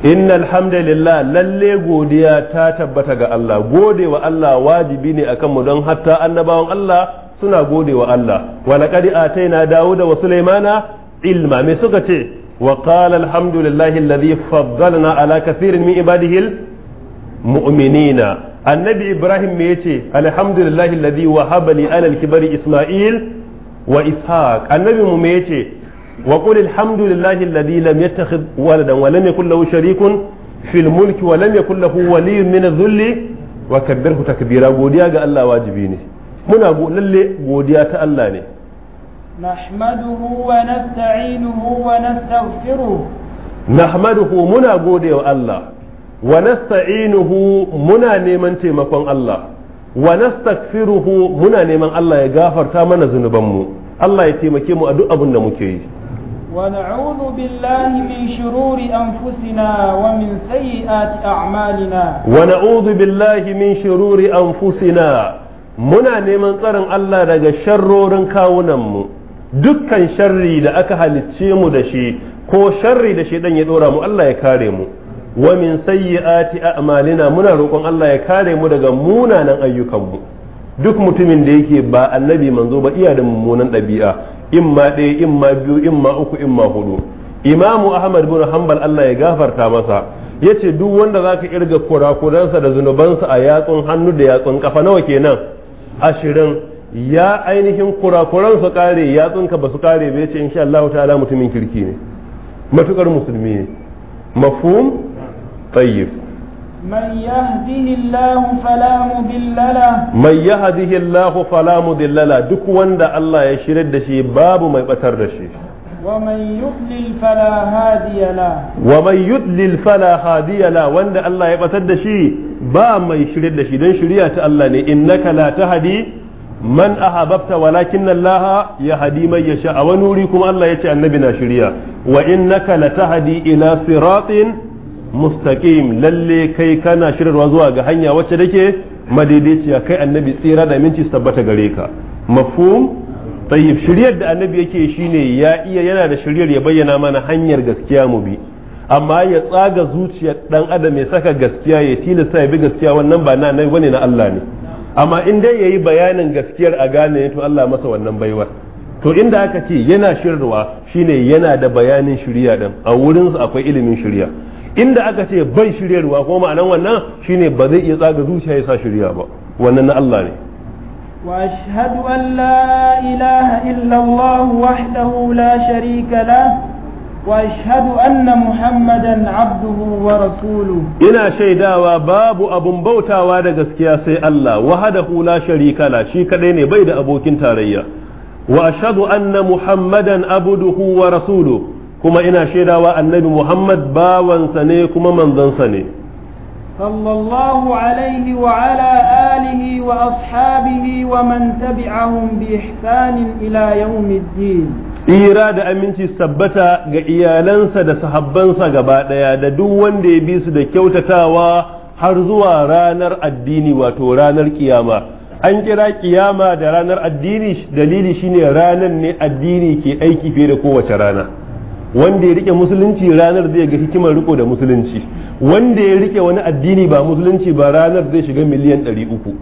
inna alhamdulillah lalle godiya ta tabbata ga Allah gode wa Allah wajibi ne akan mu don hatta annabawan Allah suna gode wa Allah wa laqad ataina dawuda wa sulaimana ilma me suka ce wa qala alhamdulillah alladhi faddalna ala kathirin min ibadihi mu'minina annabi ibrahim me yace alhamdulillah alladhi wahaba li ala al-kibari isma'il wa ishaq annabi mu me yace وقل الحمد لله الذي لم يتخذ ولدا ولم يكن له شريك في الملك ولم wa له ولي من الذل وكبره تكبيرا wa takbira godiya ga Allah wajibi ne muna lalle godiya ta Allah ne نحمده ونستعينه ونستغفره نحمده منا neman الله ونستعينه منا نيمان muna الله ونستغفره منا gafarta الله يغفر تامنا ذنوبنا الله يتيمكي مو ادو ابن da muke yi ونعوذ بالله من شرور أنفسنا ومن سيئات أعمالنا ونعوذ بالله من شرور أنفسنا muna neman tsarin Allah daga sharrorin kawunanmu dukkan sharri da aka halicce mu da shi ko sharri da shi dan ya dora mu Allah ya kare mu wa min sayyiati a'malina muna roƙon Allah ya kare mu daga munanan ayyukanmu duk mutumin da yake ba annabi manzo ba iya da mummunan ɗabi'a imma ɗaya imma biyu imma uku imma hudu imamu ahmad bin hanbal allah ya gafarta masa ya ce duk wanda zaka irga kurakuransa da zunubansa a yatsun hannu da yatsun kafa nawa kenan ashirin ya ainihin kurakuran su kare yatsunka ba su kare ba ya ce insha allahu ta'ala mutumin kirki ne matukar musulmi ne mafhum tayyib من يهده الله فلا مضل له من يهده الله duk wanda Allah ya shirar da shi babu mai batar da shi ومن يضلل فلا هادي له ومن يضلل فلا هادي له da shi ba mai shirye da shi dan shiriya ta Allah ne innaka la tahdi man ahabbta walakin Allah yahdi man yasha a wani wuri kuma Allah ya ce annabi na shirya wa innaka la tahdi ila siratin mustaqim lalle kai kana shirarwa zuwa ga hanya wacce dake madaidaiciya kai annabi tsira da su tabbata gare ka mafhum tayyib shiryar da annabi yake shine ya iya yana da shiryar ya bayyana mana hanyar gaskiya mu bi amma ya tsaga zuciyar dan adam ya saka gaskiya ya tilasta ya bi gaskiya wannan ba na nabi wani na Allah ne amma in dai yayi bayanin gaskiyar a gane to Allah masa wannan baiwar to inda aka ce yana shirarwa shine yana da bayanin shirya din a wurinsa akwai ilimin shirya inda aka ce bai shiryarwa ko ma'anan wannan shine ba zai iya tsaga zuciya ya sa shirya ba wannan na Allah ne wa واشهد ان لا اله wahdahu la sharika la wa shahadu anna muhammadan abduhu wa rasuluhu ina shaidawa babu abun bautawa da gaskiya sai Allah wahdahu la sharika la shi kadai ne bai da abokin tarayya wa ashhadu anna muhammadan abduhu wa rasuluhu kuma ina shaidawa annabi Muhammad bawansa ne kuma manzansa ne sallallahu alaihi wa ala alihi wa ashabihi wa man tabi'ahum bi ihsanin ila yawmiddin tsira da aminci sabbata ga iyalansa da sahabbansa gaba daya da duk wanda ya bi su da kyautatawa har zuwa ranar addini wato ranar kiyama an kira kiyama da ranar addini dalili shine ranar ne addini ke aiki fiye da kowace rana wanda ya rike musulunci ranar zai ga hikimar riko da musulunci wanda ya rike wani addini ba musulunci ba ranar zai shiga miliyan ɗari uku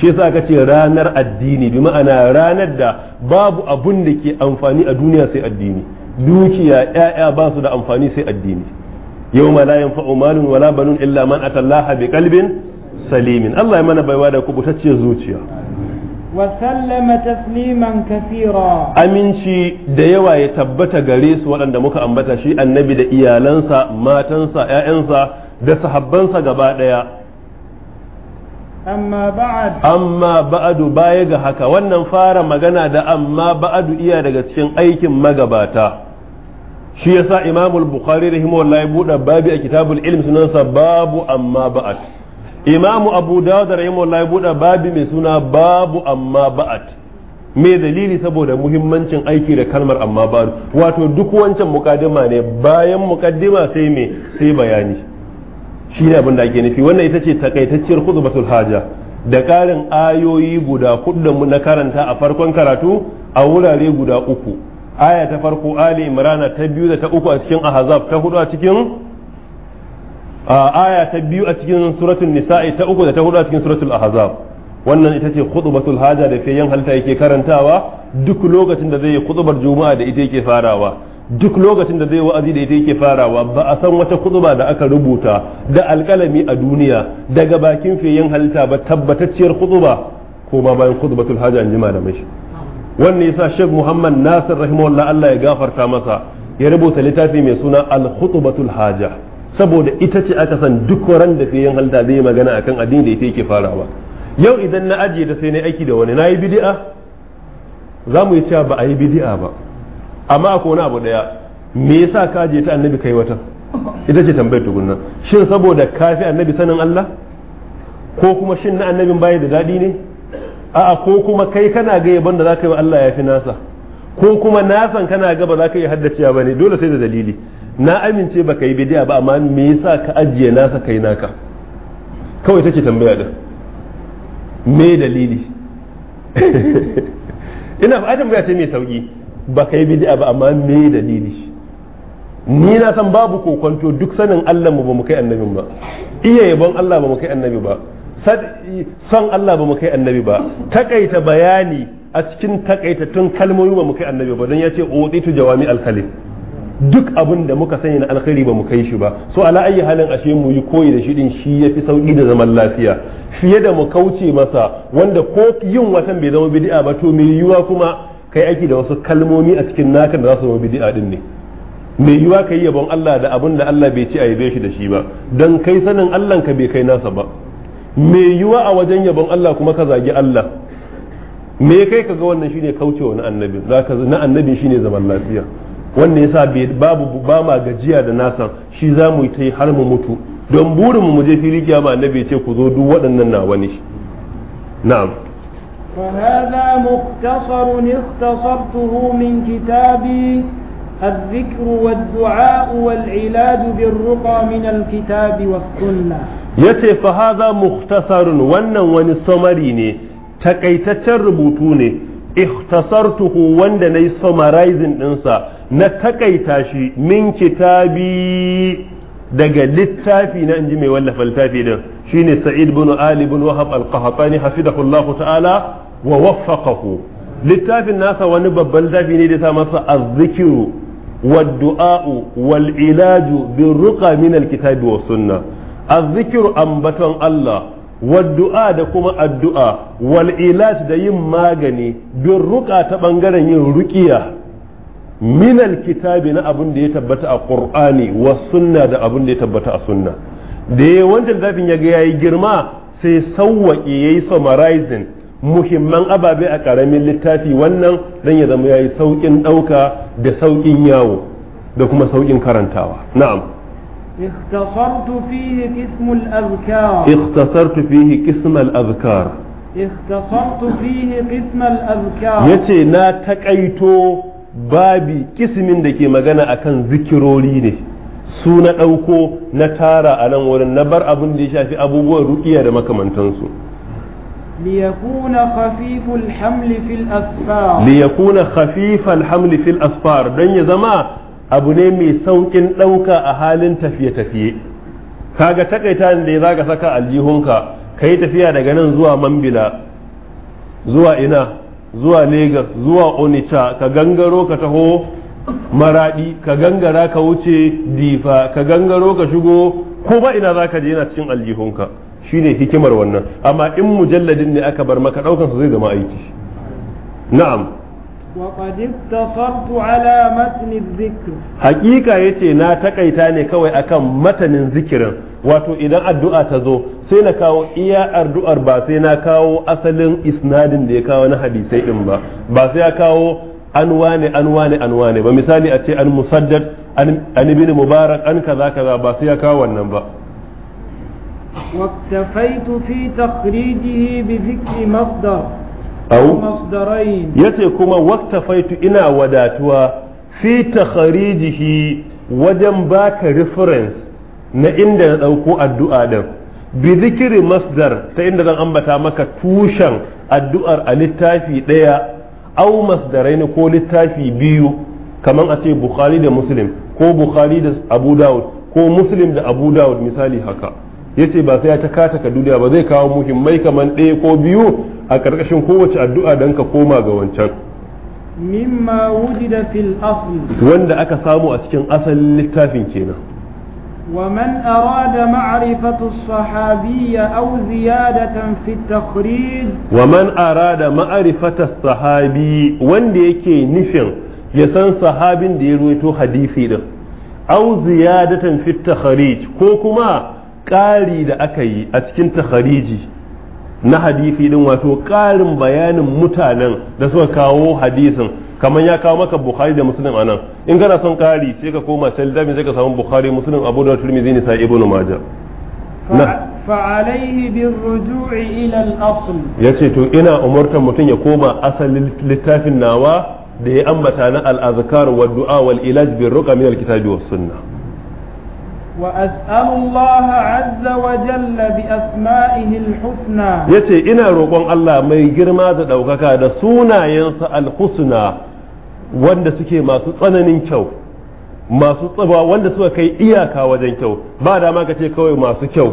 shi yasa aka ce ranar addini bi ma'ana ranar da babu abun da ke amfani a duniya sai addini dukiya ya'ya ba su da amfani sai addini yau ma la yanfa'u malun wala banun illa man atallaha bi qalbin salimin Allah ya mana baiwa da kubutacciyar zuciya وسلم تسليما كثيرا أمنشي ديوا يتبت غريس ولن دمك أنبتا شيء النبي دا إيالنسا ماتنسا إعنسا دا صحبنسا gabaɗaya. Amma بعد أما بعد بايغا هكا wannan fara magana da amma ba'adu iya daga cikin aikin magabata shi yasa imamul al-Bukhari rahimahullah ya buɗe babi a kitabul ilm sunansa babu amma ba'ad imamu abu da rahimahullah ya buɗe babi mai suna babu amma ba'at me dalili saboda muhimmancin aiki da kalmar amma ba wato duk wancan mukaddima ne bayan mukaddima sai me sai bayani shi ne abin da ake nufi wannan ita ce takaitacciyar khutbatul haja da karin ayoyi guda kullum na karanta a farkon karatu a wurare guda uku aya ta farko ali imrana ta biyu da ta uku a cikin ahzab ta hudu a cikin aya ta biyu a cikin suratul nisa'i ta uku da ta hudu a cikin suratul ahzab wannan ita ce khutbatul haja da fiyan halta yake karantawa duk lokacin da zai yi juma'a da ita ke farawa duk lokacin da zai wa'azi da ita yake farawa ba a san wata kuduba da aka rubuta da alkalami a duniya daga bakin feyen halitta ba tabbatacciyar kuduba ko ma bayan khutbatul haja an jima da mashi wannan yasa Sheikh Muhammad Nasir rahimahullah Allah ya gafarta masa ya rubuta littafi mai suna al khutbatul haja saboda ita ce aka san duk ran da fiye halta zai yi magana akan addini da ita yake farawa yau idan na ajiye da sai na aiki da wani na yi bidi'a za mu yi cewa ba a yi bidi'a ba amma akwai wani abu daya me yasa ka ta annabi kai wata ita ce tambayar tukunna shin saboda kafi annabi sanin Allah ko kuma shin na annabin baya da daɗi ne a'a ko kuma kai kana ga yaban da za ka yi wa Allah ya fi nasa ko kuma nasan kana ga ba ka yi haddaciya ne dole sai da dalili na amince baka yi bidiya ba amma me yasa ka ajiye nasa kai naka kawai take tambaya din me dalili ina ba tambaya ce mai sauki baka yi bidiya ba amma me dalili ni na san babu kokonto duk sanin Allah mu ba mu kai annabi ba iya yabon Allah ba mu kai annabi ba son Allah ba mu kai annabi ba takaita bayani a cikin takaitattun kalmomi ba mu kai annabi ba don ya ce uditu jawami al-kalim duk abin da muka sani na alkhairi ba mu kai shi ba so ala ayi halin ashe mu yi koyi da shi din shi yafi sauki da zaman lafiya fiye da mu kauce masa wanda ko yin watan bai zama bid'a ba to mai yiwa kuma kai aiki da wasu kalmomi a cikin naka da za su zama bid'a din ne mai yiwa kai yabon Allah da abin da Allah bai ci a yabe shi da shi ba dan kai sanin Allah ka bai kai nasa ba mai yiwa a wajen yabon Allah kuma ka zagi Allah me kai ka ga wannan shine kaucewa na annabi zaka na annabi shine zaman lafiya wanda yasa sa ba ma gajiya da nasa shi za mu ta yi har mu mutu don burin mu je fili kiyama na bai ce ku zo duk waɗannan na wani na'am فهذا مختصر اختصرته من كتابي الذكر والدعاء والعلاج بالرقى من الكتاب والسنة yace fa haza wannan wani samari ne takaitaccen rubutu ne ikhtasartuhu wanda nayi summarizing dinsa na takaita shi min kitabi daga littafi na inji mai wallafa littafi din shine sa'id bin ali bin wahab al-qahtani hafidahullahu ta'ala wa waffaqahu littafin nasa wani babban littafi ne da ta masa azzikiru والدعاء والعلاج بالرقى من الكتاب والسنة الذكر أنبتن الله والدعاء da kuma addu'a والعلاج da yin magani بالرقى ta bangaren yin ruqiya minal kitabi na abin da ya tabbata a qur'ani wa sunna da abin da ya tabbata a sunna da ya wancan zafin ya ga yayi girma sai sauwaƙe yayi summarizing muhimman ababe a ƙaramin littafi wannan dan ya zama yayi sauƙin ɗauka da sauƙin yawo da kuma sauƙin karantawa na'am اختصرت فيه قسم الأذكار اختصرت فيه قسم الأذكار babi kismin da ke magana akan zikirori ne su na ɗauko na tara a nan wurin na bar abin da ya shafi abubuwan rukiya da makamantansu liyakuna khafifal hamli fil الأسفار don ya zama. abu ne mai saukin ɗauka a halin tafiye-tafiye kaga taƙaita da ya zaga saka aljihunka ka yi tafiya daga nan zuwa mambila zuwa ina zuwa Legas zuwa Onitsha ka gangaro ka taho Maraɗi, ka gangara ka wuce difa ka gangaro ka shigo ko ba ina za ka je yana cikin aljihunka shine hikimar wannan amma in mujalladin ne aka bar maka daukan su zai zama aiki na'am وقد اقتصرت على متن na ne kawai akan matanin zikirin wato idan addu'a ta zo sai na kawo iya addu'ar ba sai na kawo asalin isnadin da ya kawo na hadisai din ba ba sai ya kawo an wane an wane an wane ba misali a ce an musaddad an ibn mubarak an kaza kaza ba sai ya kawo wannan ba واكتفيت في تخريجه بذكر مصدر أو مصدرين يتي كما واكتفيت إنا وداتوا في تخريجه وجن باك ريفرنس na inda na ɗauko addu'a ɗin bi zikiri masdar ta inda zan ambata maka tushen addu'ar a littafi ɗaya au masdarai ne ko littafi biyu kamar a ce bukhari da muslim ko bukhari da abu dawud ko muslim da abu dawud misali haka ya ce ba sai ya ta kata ka duniya ba zai kawo muhimmai kamar ɗaya ko biyu a ƙarƙashin kowace addu'a don ka koma ga wancan mimma wujida fil asli wanda aka samu a cikin asalin littafin kenan ومن أراد معرفة الصحابية أو زيادة في التخريج ومن أراد معرفة الصحابي وان يكي نفن يسن صحاب ديرويتو حديثي ده أو زيادة في التخريج كوكما قاري دا أكي أتكين تخريجي na hadisi din wato ƙarin bayanin mutanen da suka kawo hadisin kamar ya kawo maka bukhari da muslim anan in kana son kari sai ka koma can lidafin sai ka samu bukhari muslim abu da turmizi ne sai ibnu majah na fa'alaihi bin ruju'i ila al-asl yace to ina umurtar mutum ya koma asalin littafin nawa da ya ambata na al-azkar wa du'a wal ilaj bin ruqa min al-kitabi wa as'alu Allah 'azza wa jalla bi asma'ihi al-husna yace ina roƙon Allah mai girma da ɗaukaka da sunayensa al-husna wanda suke masu tsananin kyau masu tsaba wanda suka kai iyaka wajen kyau ba dama ka ce kawai masu kyau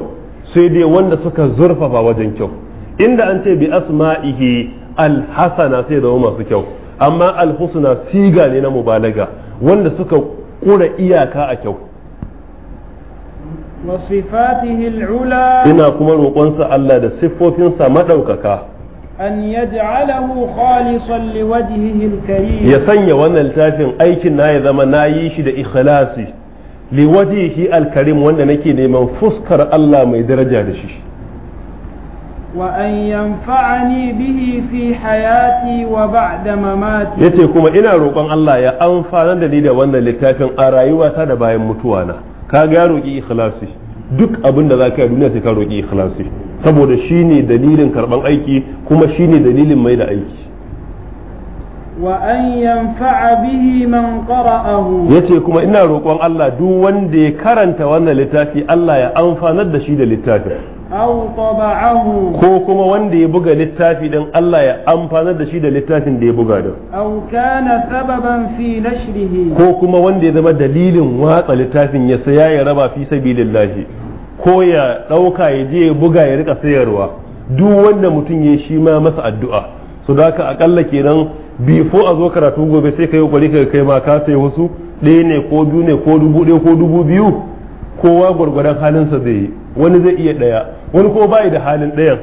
sai dai wanda suka zurfafa wajen kyau inda an ce bi asma'ihi alhasana sai zama masu kyau amma alhusna siga ne na mubalaga wanda suka kura iyaka a kyau ina kuma roƙonsa Allah da siffofinsa maɗaukaka an yaj'alahu khalisan liwajhihi alkarim ya sanya wannan littafin aikin na ya zama nayi shi da ikhlasi liwajhihi alkarim wanda nake neman fuskar Allah mai daraja da shi wa an yanfa'ani bihi fi hayati wa ba'da mamati yace kuma ina roƙon Allah ya amfana da ni da wannan littafin a rayuwata da bayan mutuwana ka ga roƙi ikhlasi duk abin da zaka yi duniya sai ka roƙi ikhlasi saboda shi ne dalilin karban aiki kuma shi ne dalilin mai da aiki wa an yanfa'a bihi man qara'ahu yace kuma ina roƙon Allah duk wanda ya karanta wannan littafi Allah ya amfanar da shi da littafin aw taba'ahu ko kuma wanda ya buga littafi dan Allah ya amfanar da shi da littafin da ya buga din aw kana sababan fi nashrihi ko kuma wanda ya zama dalilin watsa littafin ya saya ya raba fi sabilillahi ko ya ɗauka ya je buga ya rika sayarwa duk wanda mutum ya shi ma masa addu'a so da haka akalla kenan bifo a zo karatu gobe sai ka yi kokari ka kai ma ka sai wasu ɗaya ne ko biyu ne ko dubu ɗaya ko dubu biyu kowa gwargwadon halinsa zai yi wani zai iya ɗaya wani ko bai da halin ɗayan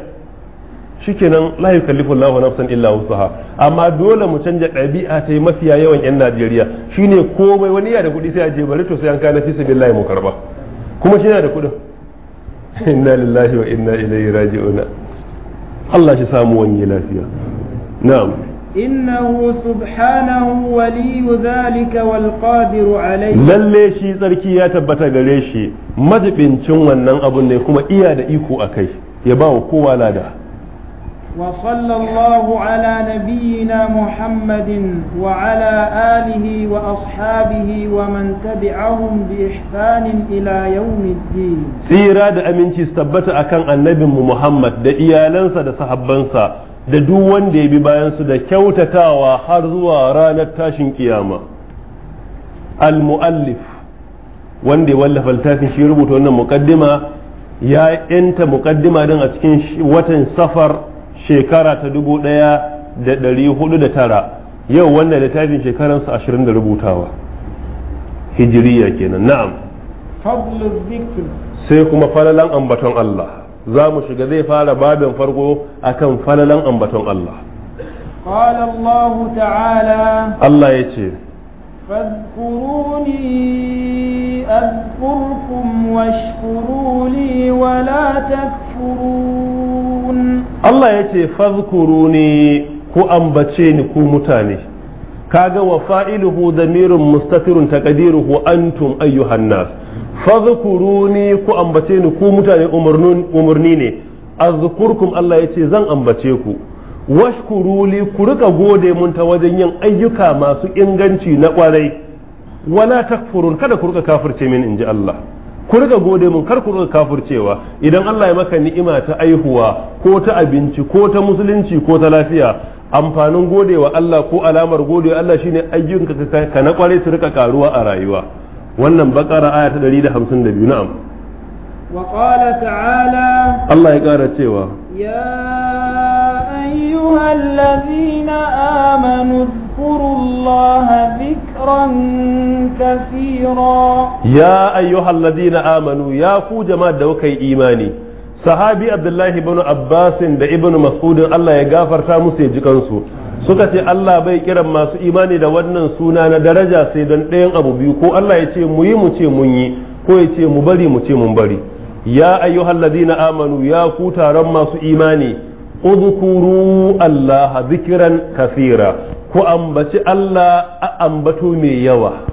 shikenan la yukallifu Allahu nafsan illa wusaha amma dole mu canja ɗabi'a ta yi mafiya yawan yan Najeriya shine komai wani ya da kuɗi sai a je bari to sai an kana fi sabilillahi mu karba kuma shi yana da kuɗin inna lillahi wa inna ilaihi raji'una Allah shi samu wani lafiya na'am innahu subhanahu waliyu zalika wal qadiru alayhi lalle shi tsarki ya tabbata gare shi majibincin wannan abun ne kuma iya da iko akai ya ba wa kowa lada وصلى الله على نبينا محمد وعلى آله وأصحابه ومن تبعهم بإحسان إلى يوم الدين سيرا أمين تستبت أكان النبي محمد دا إيالانسا دا صحبانسا دا دوان دي ببايانسا دا كوتا تاوى حرزوى رانا تاشن كياما المؤلف واندي ولا فلتاتي شيربوت وانا مقدمة يا انت مقدمة دا اتكين واتن سفر shekara ta dubu ɗaya da ɗari hudu da tara yau wannan littafin su ashirin da rubutawa hijiriya kenan na'am sai kuma falalan ambaton Allah za mu shiga zai fara babin farko akan falalan ambaton Allah قال الله تعالى الله ce. فاذكروني أذكركم واشكروا لي ولا تكفرون الله يتي فاذكروني كو أنبتشيني كو متاني kaga wa fa'ilu fa'iluhu damirun mustatirun taqdiruhu antum ayyuhan nas fadhkuruni ku ambace ni ku mutane umurnun ne azkurkum Allah yace zan ambace ku washkuruli ku rika gode mun ta wajen yin ayyuka masu inganci na kwarai wala takfurun kada ku rika kafirce min inji Allah ku rika gode mun kar ku rika kafircewa idan Allah ya maka ni'ima ta aihuwa ko ta abinci ko ta musulunci ko ta lafiya amfanin godewa Allah ko alamar godewa Allah shine ayyukanka ka na kwarai su rika karuwa a rayuwa wannan bakara aya ta 152 na'am wa qala ta'ala Allah ya kara cewa ya أيها الذين آمنوا اذكروا الله ذكرا كثيرا يا أيها الذين آمنوا يا كو جماعة دوكي إيماني sahabi abdullahi ibn abbasin da ibn mas'udin Allah ya gafarta musu ya ji suka ce Allah bai kiran masu imani da wannan suna na daraja sai don ɗayan abu biyu ko Allah ya ce mu yi mu ce mun yi ko ya ce mu bari mu ce mun bari ya ayyuhal ladina amanu ya ku taron masu imani udhkuru Allah zikran kathira ku ambaci Allah a ambato mai yawa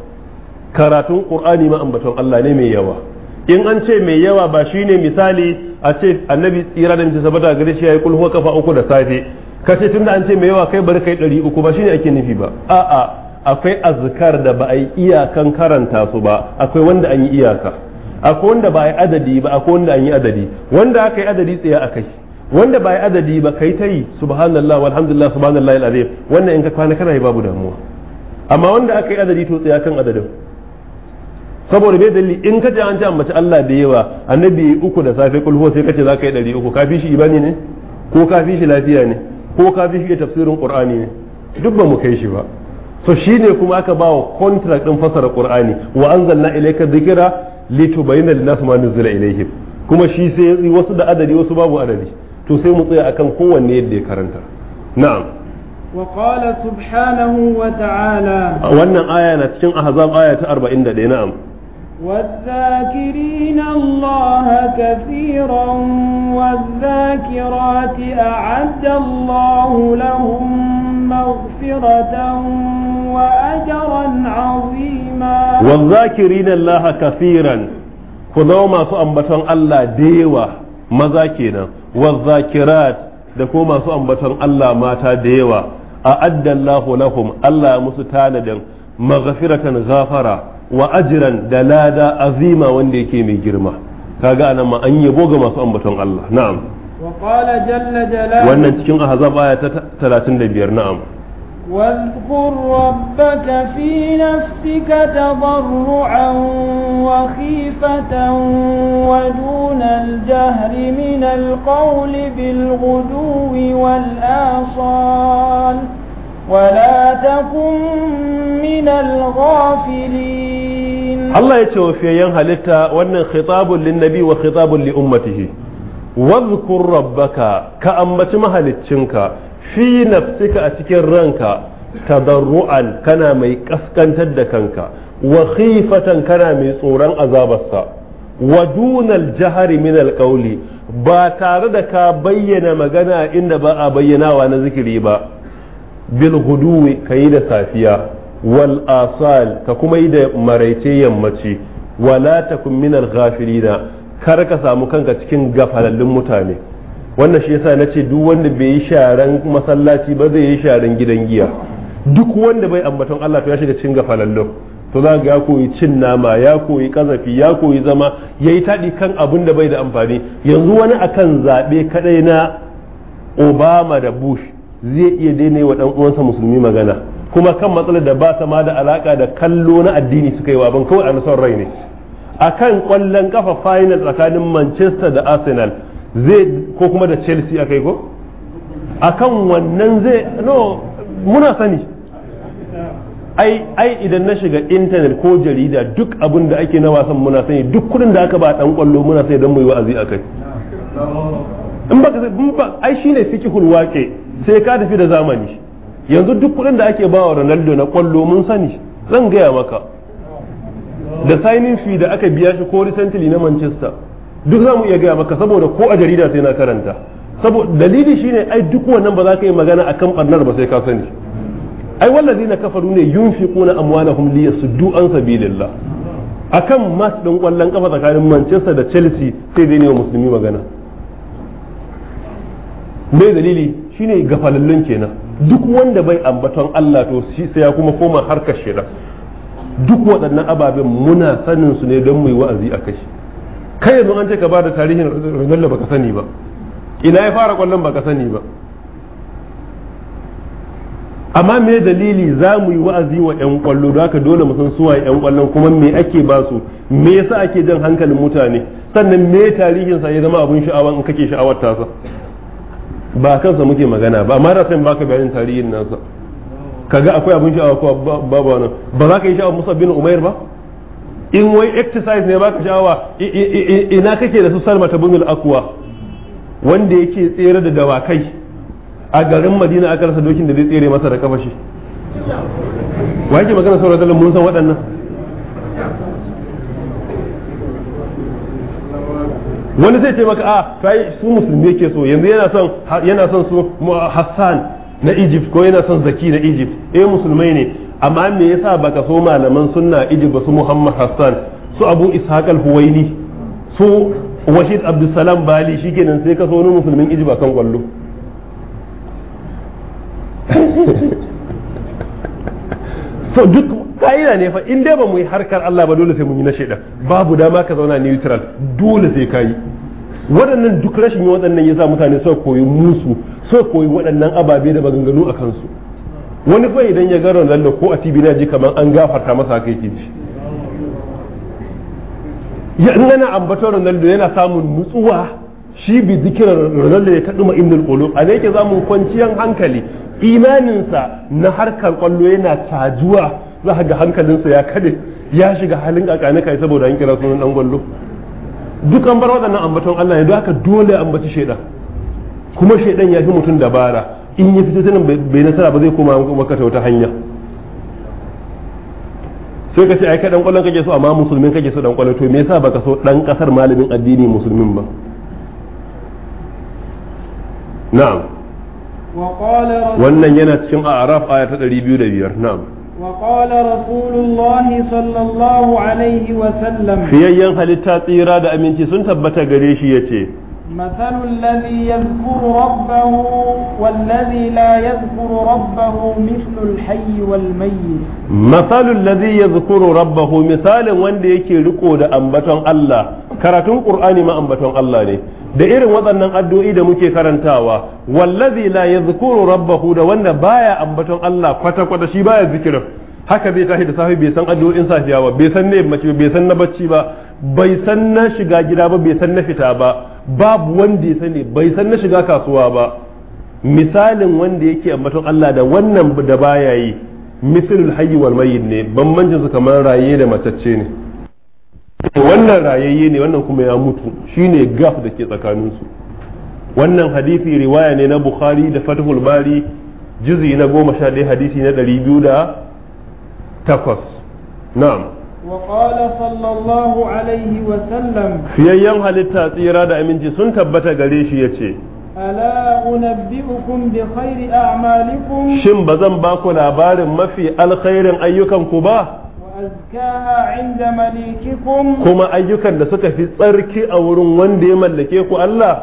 karatun qur'ani ma ambato Allah ne mai yawa in an ce mai yawa ba shine misali a ce annabi tsira da mace sabata gare shi ya kul huwa kafa uku da safe kace tunda an ce mai yawa kai bari kai 300 ba shine ake nufi ba a'a akwai azkar da ba a yi iyakan karanta su ba akwai wanda an yi iyaka akwai wanda ba yi adadi ba akwai wanda an yi adadi wanda aka yi adadi tsaya akai wanda ba adadi ba kai ta yi subhanallah walhamdulillah subhanallah alazim wannan in ka kwana kana yi babu damuwa amma wanda aka yi adadi to tsaya kan adadin saboda bai dalili in ka ce an ce ambaci Allah da yawa annabi uku da safe kulhu sai ka ce za yi ɗari uku ka fi shi ibani ne ko ka fi shi lafiya ne ko ka fi shi tafsirin qur'ani ne duk ba mu kai shi ba so shine kuma aka ba wa contract din fasara qur'ani wa anzalna ilayka dhikra litubayyana lin nasi ma nuzila ilayhim kuma shi sai wasu da adadi wasu babu adadi to sai mu tsaya akan kowanne yadda ya karanta na'am wa qala subhanahu wa ta'ala wannan aya na cikin ahzab aya ta 41 na'am والذاكرين الله كثيرا والذاكرات أعد الله لهم مغفرة وأجرا عظيما والذاكرين الله كثيرا كذوما سؤال الله ديوة maza kenan wazakirat da ko masu ambaton Allah mata da yawa addan Allahu lahum Allah musu tanadin maghfiratan ghafara wa ajran da lada azima wanda yake mai girma kaga anan ma an yabo ga masu ambaton Allah na'am wannan cikin ahzab aya ta 35 na'am واذكر ربك في نفسك تضرعا وخيفة ودون الجهر من القول بالغدو والآصال ولا تكن من الغافلين الله يتوفي ينهلتا وأن خطاب للنبي وخطاب لأمته واذكر ربك كأمة مهلتشنك fi nafsika a cikin ranka tadarru'an kana mai kaskantar da kanka wa khifatan kana mai tsoron azabarsa wa dunal jahari min ba tare da ka bayyana magana inda ba a bayyanawa na zikiri ba bil ghuduwi kayi da safiya wal asal ka kuma yi da maraice yammaci wala takun min al kar ka samu kanka cikin gafalallin mutane wannan shi yasa na ce duk wanda bai yi sharan masallaci ba zai yi sharan gidan giya duk wanda bai ambaton Allah to ya shiga cin gafalallo to za ga ya koyi cin nama ya koyi kazafi ya koyi zama yayi yi taɗi kan abin da bai da amfani yanzu wani akan zaɓe kaɗai na obama da bush zai iya daina wa ɗan uwansa musulmi magana kuma kan matsalar da ba ta ma da alaka da kallo na addini suka yi wa ban kawai a rai ne akan ƙwallon kafa final tsakanin manchester da arsenal zai ko kuma da chelsea aka yi a kan wannan zai no muna sani ai ai idan na shiga intanet ko jarida duk abin da ake na wasan muna sani duk kudin da aka ba dan kwallo muna sani don mu yi wa'azi kai. in ba ka ai shine fikihul waqi sai ka tafi da zamani yanzu duk kudin da ake bawa Ronaldo na kwallo mun sani zan gaya maka da signing fee da aka biya shi ko recently na Manchester duk za mu iya gaya maka saboda ko a jarida sai na karanta saboda dalili shine ai duk wannan ba za ka yi magana akan barnar ba sai ka sani ai wallazi na kafaru ne yunfiquna amwalahum liyasuddu an sabilillah akan match din kwallon kafa tsakanin Manchester da Chelsea sai dai ne wa musulmi magana me dalili shine gafalallun kenan duk wanda bai ambaton Allah to shi sai ya kuma koma harkar shirka duk waɗannan ababen muna sanin su ne don mu yi wa'azi a kashi kai yanzu an ce ka ba da tarihin Ronaldo baka sani ba ina ya fara kwallon baka sani ba amma me dalili za mu yi wa'azi wa 'yan kwallo da haka dole mu san suwa 'yan kwallon kuma me ake ba su me yasa ake jan hankalin mutane sannan me tarihin sa ya zama abun sha'awa in kake sha'awar tasa ba kansa muke magana ba amma da sai ka bayanin tarihin nasa kaga akwai abun sha'awa ko babu wannan ba za ka yi sha'awar Musa bin Umair ba in wai exercise ne baka sha'awa ina kake da su salma ta bumil akuwa wanda yake tsere da dawakai a garin madina aka rasa dokin da zai tsere masa da kafashi wa yake magana saboda dalilin mun san waɗannan wani zai ce maka a ah, kai su musulmi yake so yanzu yana son yana son su Hassan na Egypt ko yana son Zaki na Egypt eh musulmai ne amma me yasa baka so malaman sunna iji ba su Muhammad Hassan su Abu Ishaq al-Huwaini su Wahid Abdulsalam Bali shikenan sai ka so ni musulmin iji ba kan kwallo so duk ka'ida ne fa in dai ba mu yi harkar Allah ba dole sai mun yi na shaida babu dama ka zauna neutral dole sai ka yi waɗannan duk rashin waɗannan ya sa mutane suka koyi musu suka koyi waɗannan ababe da maganganu a kansu wani bai idan ya ga lalle ko a tibi na ji kamar an gafarta masa haka yake ji ya in ambaton Ronaldo yana samun nutsuwa shi bi zikirar Ronaldo ya taɗuma innul qulub a ne yake zamun kwanciyan hankali imaninsa na harkar kwallo yana cajuwa. za ga hankalinsa ya kade ya shiga halin kai saboda an kira sunan dan gwallo duk an bar waɗannan ambaton Allah ne don haka dole ambaci shaidan kuma shaidan ya fi mutum dabara in ya fito nan bai nasara ba zai koma maka ta wata hanya sai ka ce ai kai dan kwallon kake so amma musulmin kake so dan kwallon to me yasa baka so dan kasar malamin addini musulmin ba na'am wannan yana cikin a'raf aya ta 205 na'am وقال رسول الله صلى الله عليه وسلم في أيام هل التاتيرا دا أمينتي سنتبتا قريشي يتي مثل الذي يذكر ربه والذي لا يذكر ربه مثل الحي والميت مثل الذي يذكر ربه مثال wanda yake riko da ambaton Allah karatun Qur'ani ma ambaton Allah ne da irin waɗannan addu'o'i da muke karantawa wallazi la yadhkuru rabbahu da wanda baya ambaton Allah kwata kwata shi baya zikirin haka bai tashi da safe bai san addu'o'in safiya ba bai san ne mace bai san na bacci ba bai san na shiga gida ba bai san na fita ba babu wanda ya sani bai san na shiga kasuwa ba misalin wanda yake a matan Allah da wannan da baya yi misalul hayyi wal mayyit ne bambancin su kamar raye da matacce ne wannan rayayye ne wannan kuma ya mutu shine gaf da ke tsakanin su wannan hadisi riwaya ne na bukhari da fathul bari juzi na goma sha ɗaya hadisi na ɗari biyu da takwas na'am وقال صلى الله عليه وسلم في أيام هل التأثير هذا من جسون تبت قريش يتي ألا أنبئكم بخير أعمالكم شم بزن باكو لابار ما في الخير أيكم كبا وأزكاها عند مليككم كما أيكم لسك في تركي أو رنوان دي ملكيكو الله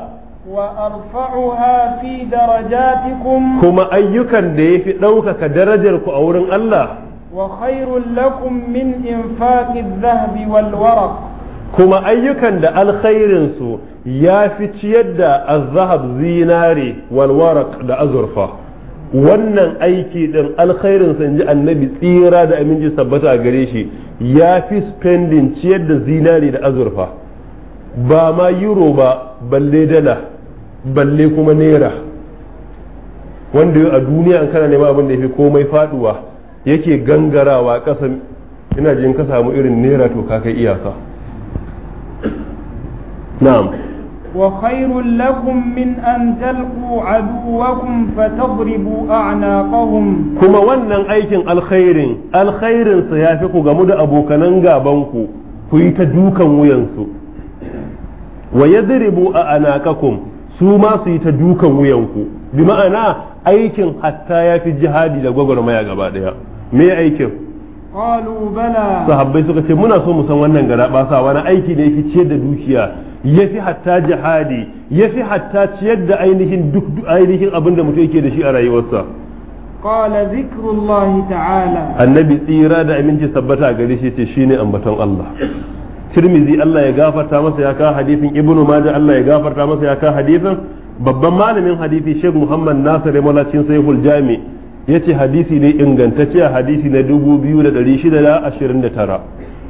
وأرفعها في درجاتكم كما أيكم دي في دوكك درجة أو الله وخير لكم من إنفاق الذهب والورق كما أيكا دا الخير سو يا فتيد الذهب زيناري والورق دا أزرفة wannan aiki din alkhairin san ji annabi tsira da aminci sabbata a gare shi ya fi spending ciyar da zinari da azurfa ba ma euro ba balle dala balle kuma naira wanda a duniya an kana nema abin da ya fi komai faduwa yake gangarawa ƙasa ina jin ka samu irin nera to ka kai iyaka na'am wa khairul lakum min an talqu aduwakum fatadribu a'naqahum kuma wannan aikin alkhairin alkhairin sa yafi ku gamu da abokanan gaban ku ku yi ta dukan wuyansu wa yadribu a'naqakum su ma su yi ta dukan wuyanku bi ma'ana aikin hatta ya fi jihadi da gwagwarmaya gaba daya me aikin qalu bala sahabbai suka ce muna so mu san wannan gara sa wani aiki ne yake ciyar da dukiya yafi hatta jihadi yafi hatta ciyar da ainihin duk ainihin abin da mutum yake da shi a rayuwarsa qala zikrullahi ta'ala annabi tsira da aminci sabbata gare shi ce shine ambaton Allah Tirmizi Allah ya gafarta masa ya ka hadisin ibn Majah Allah ya gafarta masa ya ka hadisin babban malamin hadisi Sheikh Muhammad Nasir Malacin Saiful Jami ce hadisi ne ingantacce hadisi na 2629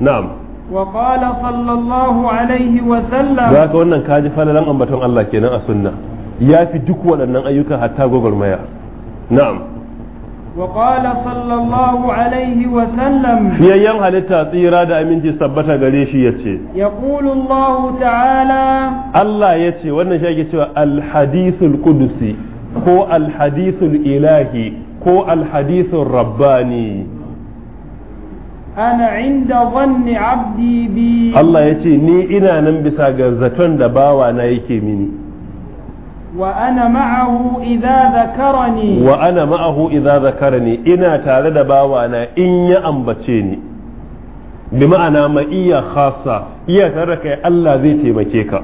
na'am wa qala sallallahu alaihi wa sallam zaka wannan kaji falalan ambaton Allah kenan a sunna yafi duk waɗannan ayyuka hatta gogormaya na'am وقال صلى الله عليه وسلم في أيام حالتا تيرا دا امينتي ثبتا سبتا ta'ala. Allah يقول الله تعالى الله يتشي وانا شاكي الحديث القدسي ko الحديث الإلهي هو الحديث الرباني ana inda zanni abdi bi Allah yace ni ina nan bisa ga zaton da bawa na yake mini وأنا معه إذا ذكرني وأنا معه إذا ذكرني إنا تارد باوانا إن يأنبتيني بمعنى ما إيا خاصة إيا ترك الله ذي مكيكا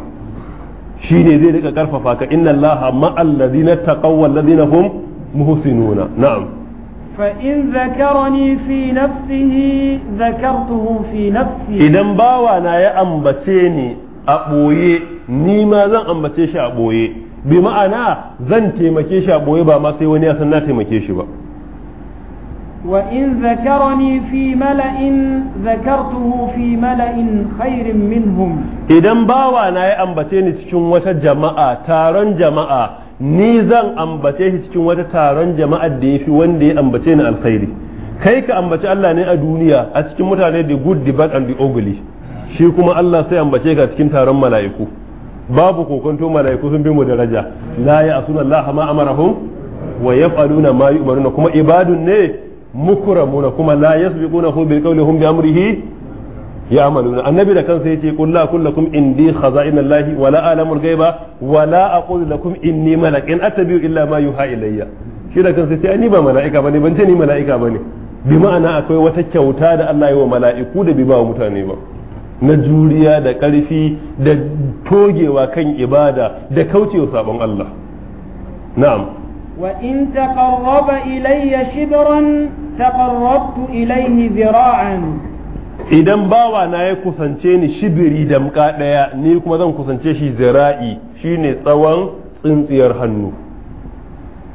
شيني ذي لك كرففاك إن الله مع الذين اتقوا والذين هم محسنون نعم فإن ذكرني في نفسه ذكرته في نفسي إذا باوانا يأنبتيني أبوي نيما ذا أنبتيش أبوي bi ma'ana zan taimake shi a boye ba ma sai wani ya san na taimake shi ba wa in zakarani fi mala'in zakartuhu fi mala'in khairin minhum idan bawa na ya ambace ni cikin wata jama'a taron jama'a ni zan ambace shi cikin wata taron jama'ar da yafi wanda ya ambace ni alkhairi kai ka ambaci Allah ne a duniya a cikin mutane the good the bad and the ugly shi kuma Allah sai ambace ka cikin taron mala'iku babu kokonto mala'iku sun bi mu daraja la asuna Allah ma amarahum wa yaf'aluna ma yu'maruna kuma ibadun ne mukramuna kuma la hu bil qawli hum bi amrihi amaluna annabi da kansa yace qul la kullakum indi khaza'in Allah wa la a'lamu al-ghaiba wa la aqulu lakum inni malakin in illa ma yuha ilayya shi da kansa yace ni ba mala'ika bane ban ce ni mala'ika bane bi ma'ana akwai wata kyauta da Allah ya wa mala'iku da bi ba mutane ba na juriya da ƙarfi da togewa kan ibada da kaucewa sabon Allah na'am wa in taqarraba ilayya shibran taqarrabtu ilayhi zira'an idan bawa na ya kusance ni shibiri muka daya ni kuma zan kusance shi zira'i shine tsawon tsintsiyar hannu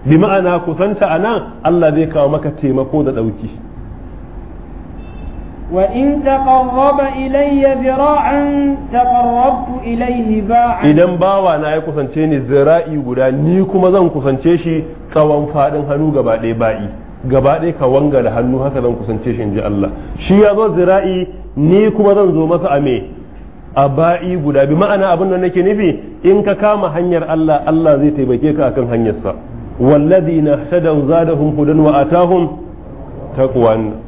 bi ma'ana kusanta anan Allah zai kawo maka taimako da dauki وإن تقرب إلي ذراعا تقربت إليه باعا إذن باوا أنا يكسنتيني ذرائي قدا نيكما زن كسنتيشي كوان فادن هنو قبادي بائي gabaɗe ka wanga da hannu haka zan kusance shi in ji Allah shi ya zo zira'i ni kuma zan zo masa a a ba'i guda bi ma'ana abin da nake nufi in ka kama hanyar Allah Allah zai taimake ka akan hanyarsa walladina hadaw zadahum hudan wa atahum taqwan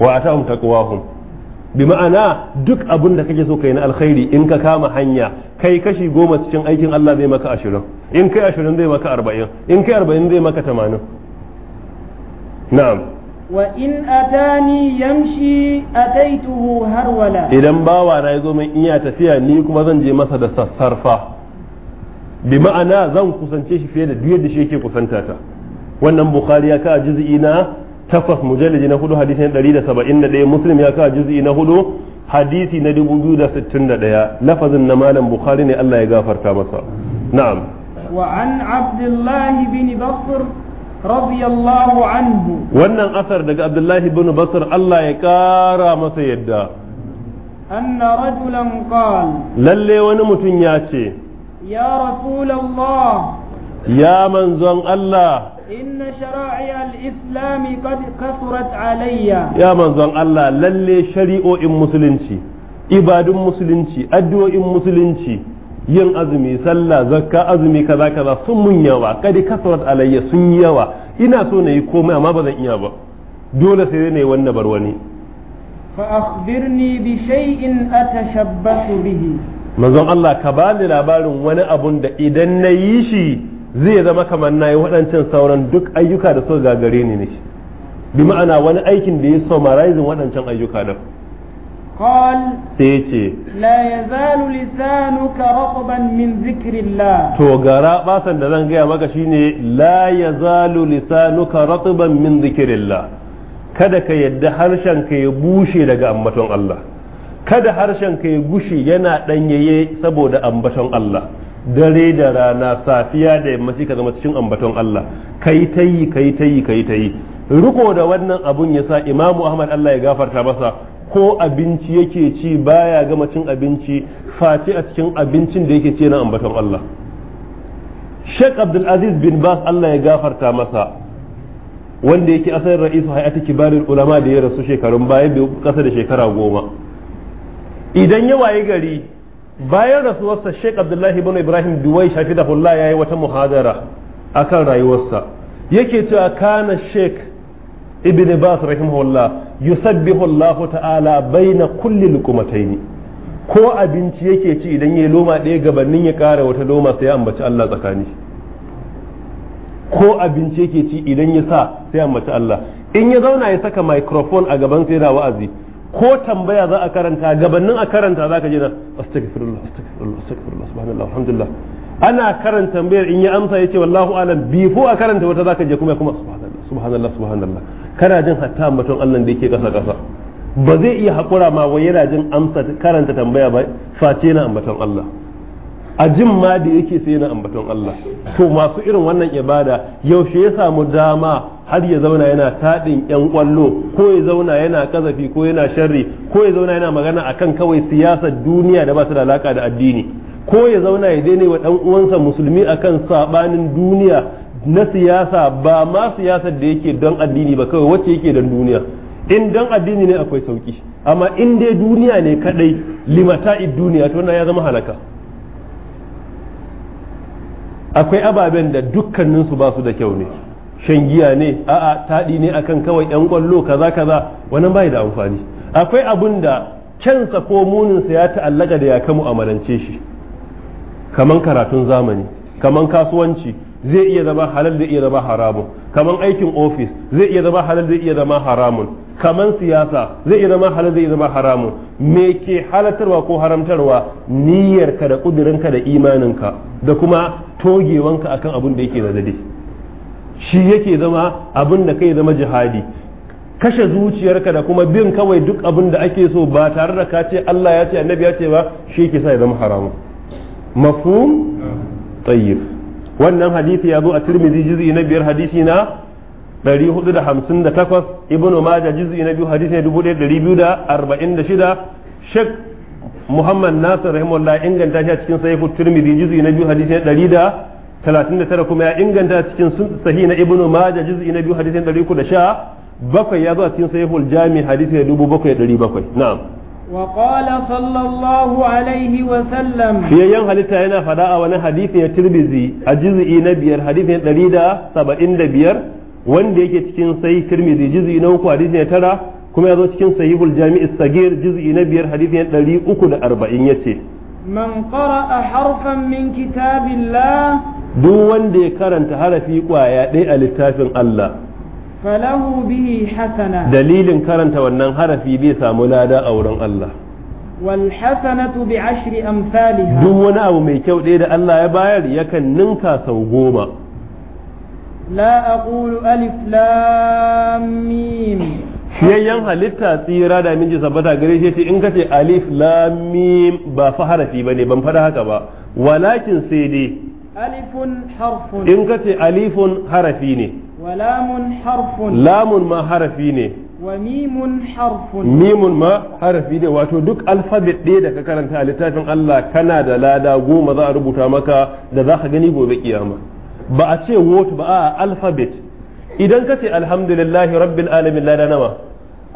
wa atahum taqwahum bi ma'ana duk abin da kake so kai na alkhairi in ka kama hanya kai kashi goma cikin aikin Allah zai maka ashirin in kai ashirin zai maka arba'in in kai arba'in zai maka tamanin na'am وإن yamshi يمشي أتيته idan إذن باوا نا zo من iya tafiya ni kuma zan je masa da sassarfa bi ma'ana zan kusance shi fiye da duk yadda shi yake kusanta ta wannan bukhari ya ka juz'i na takwas mujallidi na hudu hadisi na ɗari da saba'in da ɗaya muslim ya kawo juz'i na hudu hadisi na dubu biyu da sittin da ɗaya lafazin na malam bukhari ne allah ya gafarta masa na'am wa an abdullahi bin Rabi radiyallahu anhu wannan asar daga abdullahi bin Basir allah ya kara masa yadda anna rajulan qala lalle wani mutum ya ce ya rasulallah. ya manzon allah إن شرائع الإسلام قد كثرت علي يا من زن الله للي شريعة مسلمتي إباد مسلمتي أدوى مسلمتي yin azumi sallah zakka azumi kaza kaza sun mun yawa kadi kasrat alayya sun yawa ina so na yi komai amma ba zan iya ba dole sai dai na yi wannan bar wani fa akhbirni bi shay'in atashabbahu bihi manzon Allah ka bani labarin wani abun da idan na yi shi zai zama kamar na yi waɗancan sauran duk ayyuka da so gagare ni ne bi ma'ana wani aikin da ya summarizing waɗancan ayyuka da قال سيتي لا يزال لسانك رطبا من ذكر الله تو غرا باسن da zan gaya maka shine la yazalu lisanuka ratban min dhikrillah kada ka yadda harshen ka ya bushe daga ambaton Allah kada harshen ka ya gushe yana danyaye saboda ambaton Allah dare da rana safiya da yammaci ka zama cikin ambaton Allah kai ta yi kai ta yi kai ta yi riko da wannan abun ya sa imamu ahmad Allah ya gafarta masa ko abinci yake ci baya gama cin abinci face a cikin abincin da yake ci na ambaton Allah Sheikh Abdul Aziz bin Bas Allah ya gafarta masa wanda yake asalin ra'isu hay'ati kibarul ulama da ya rasu shekarun baya biyu kasa da shekara goma idan ya waye gari bayan rasuwarsa Sheikh Abdullahi ibn Ibrahim Duwai ya yi wata muhadara a kan rayuwarsa yake cewa kana Sheikh Ibn Bas holla yusuf Allah ta'ala bai baina kulli lukumataini ko abinci yake ci idan ya loma ɗaya gabanin ya ƙara wata loma sai ya ambaci Allah tsakani ko abinci yake ci idan ya sa sai ya ambaci Allah in ya zauna ya saka microphone a gaban sai yana wa'azi ko tambaya za a karanta gabanin a karanta za ka ji da astagfirullah astagfirullah subhanallah alhamdulillah ana karanta tambayar in ya amsa yace wallahu alam bifo a karanta wata za ka je kuma kuma subhanallah subhanallah subhanallah kana jin hatta mutum Allah da yake kasa kasa ba zai iya hakura ma wai yana jin amsa karanta tambaya ba face na ambaton Allah a jin ma da yake sai na ambaton Allah to masu irin wannan ibada yaushe ya samu dama har ya zauna yana taɗin yan ƙwallo ko ya zauna yana kazafi ko yana sharri ko ya zauna yana magana akan kawai siyasar duniya da ba su da alaka da addini ko ya zauna ya daina wa ɗan uwansa musulmi akan sabanin duniya na siyasa ba ma siyasar da yake don addini ba kawai wacce yake don duniya in don addini ne akwai sauki amma in dai duniya ne kadai limata'id duniya to na ya zama halaka akwai ababen da dukkaninsu ba su da kyau ne shan giya ne a'a taɗi ne akan kawai yan kwallo kaza kaza wannan bai da amfani akwai abun da kyansa ko muninsa ya ta'allaka da ya ka mu'amalance shi kaman karatun zamani kaman kasuwanci zai iya zama halal zai iya zama haramun kaman aikin ofis zai iya zama halal zai iya zama haramun kaman siyasa zai iya zama halal zai iya zama haramun me ke halatarwa ko haramtarwa niyyarka da kudurinka da imaninka da kuma togewanka akan abin da yake da dade shi yake zama abin da kai zama jihadi kashe zuciyarka da kuma bin kawai duk abin da ake so ba tare da ka ce Allah ya ce annabi ya ce ba shi yake sa ya zama haramun mafhum tayyib wannan hadisi ya zo a tirmidhi juz'i na biyar hadisi na 458 Ibn majah juz'i na biyu hadisi na 1246 shek muhammad nasir rahimahullah inganta shi a cikin sahihut tirmidhi juz'i na biyu hadisi na talatin da tara kuma ya inganta cikin sun sahi na ibnu maja jizi na biyu hadisin ɗari uku da sha bakwai ya zuwa cikin sahihul jami hadisin dubu bakwai ɗari bakwai na'am sallallahu alaihi wa sallam fiyayyan halitta yana fada a wani hadisin ya a jizi na biyar hadisin ɗari da saba'in da biyar wanda yake cikin sahih tirmizi jizi na uku ya tara kuma ya zo cikin sahihul jami sagir jizi na biyar hadisin ɗari uku da arba'in ya ce من قرأ حرفا من كتاب الله duk wanda ya karanta harafi kwaya ɗaya a littafin Allah falahu bihi hasana dalilin karanta wannan harafi zai samu lada a wurin Allah wal hasanatu bi ashri amsalih. duk wani abu mai kyau ɗaya da Allah ya bayar yakan ninka sau goma la aqulu alif lam mim halitta tsira da miji sabata gare shi in kace alif lam mim ba fa harafi bane ban fada haka ba walakin sai dai alifun harfun in ka alifun harafi ne wa lamun harfun lamun ma harafi ne wa mimun harfun mimun ma harafi ne wato duk alfabet ɗaya da ka karanta a littafin Allah kana da lada goma za a rubuta maka da za ka gani gobe kiyama ba a ce wot ba a alfabet idan kace ce alhamdulillahi rabbil alamin lada nawa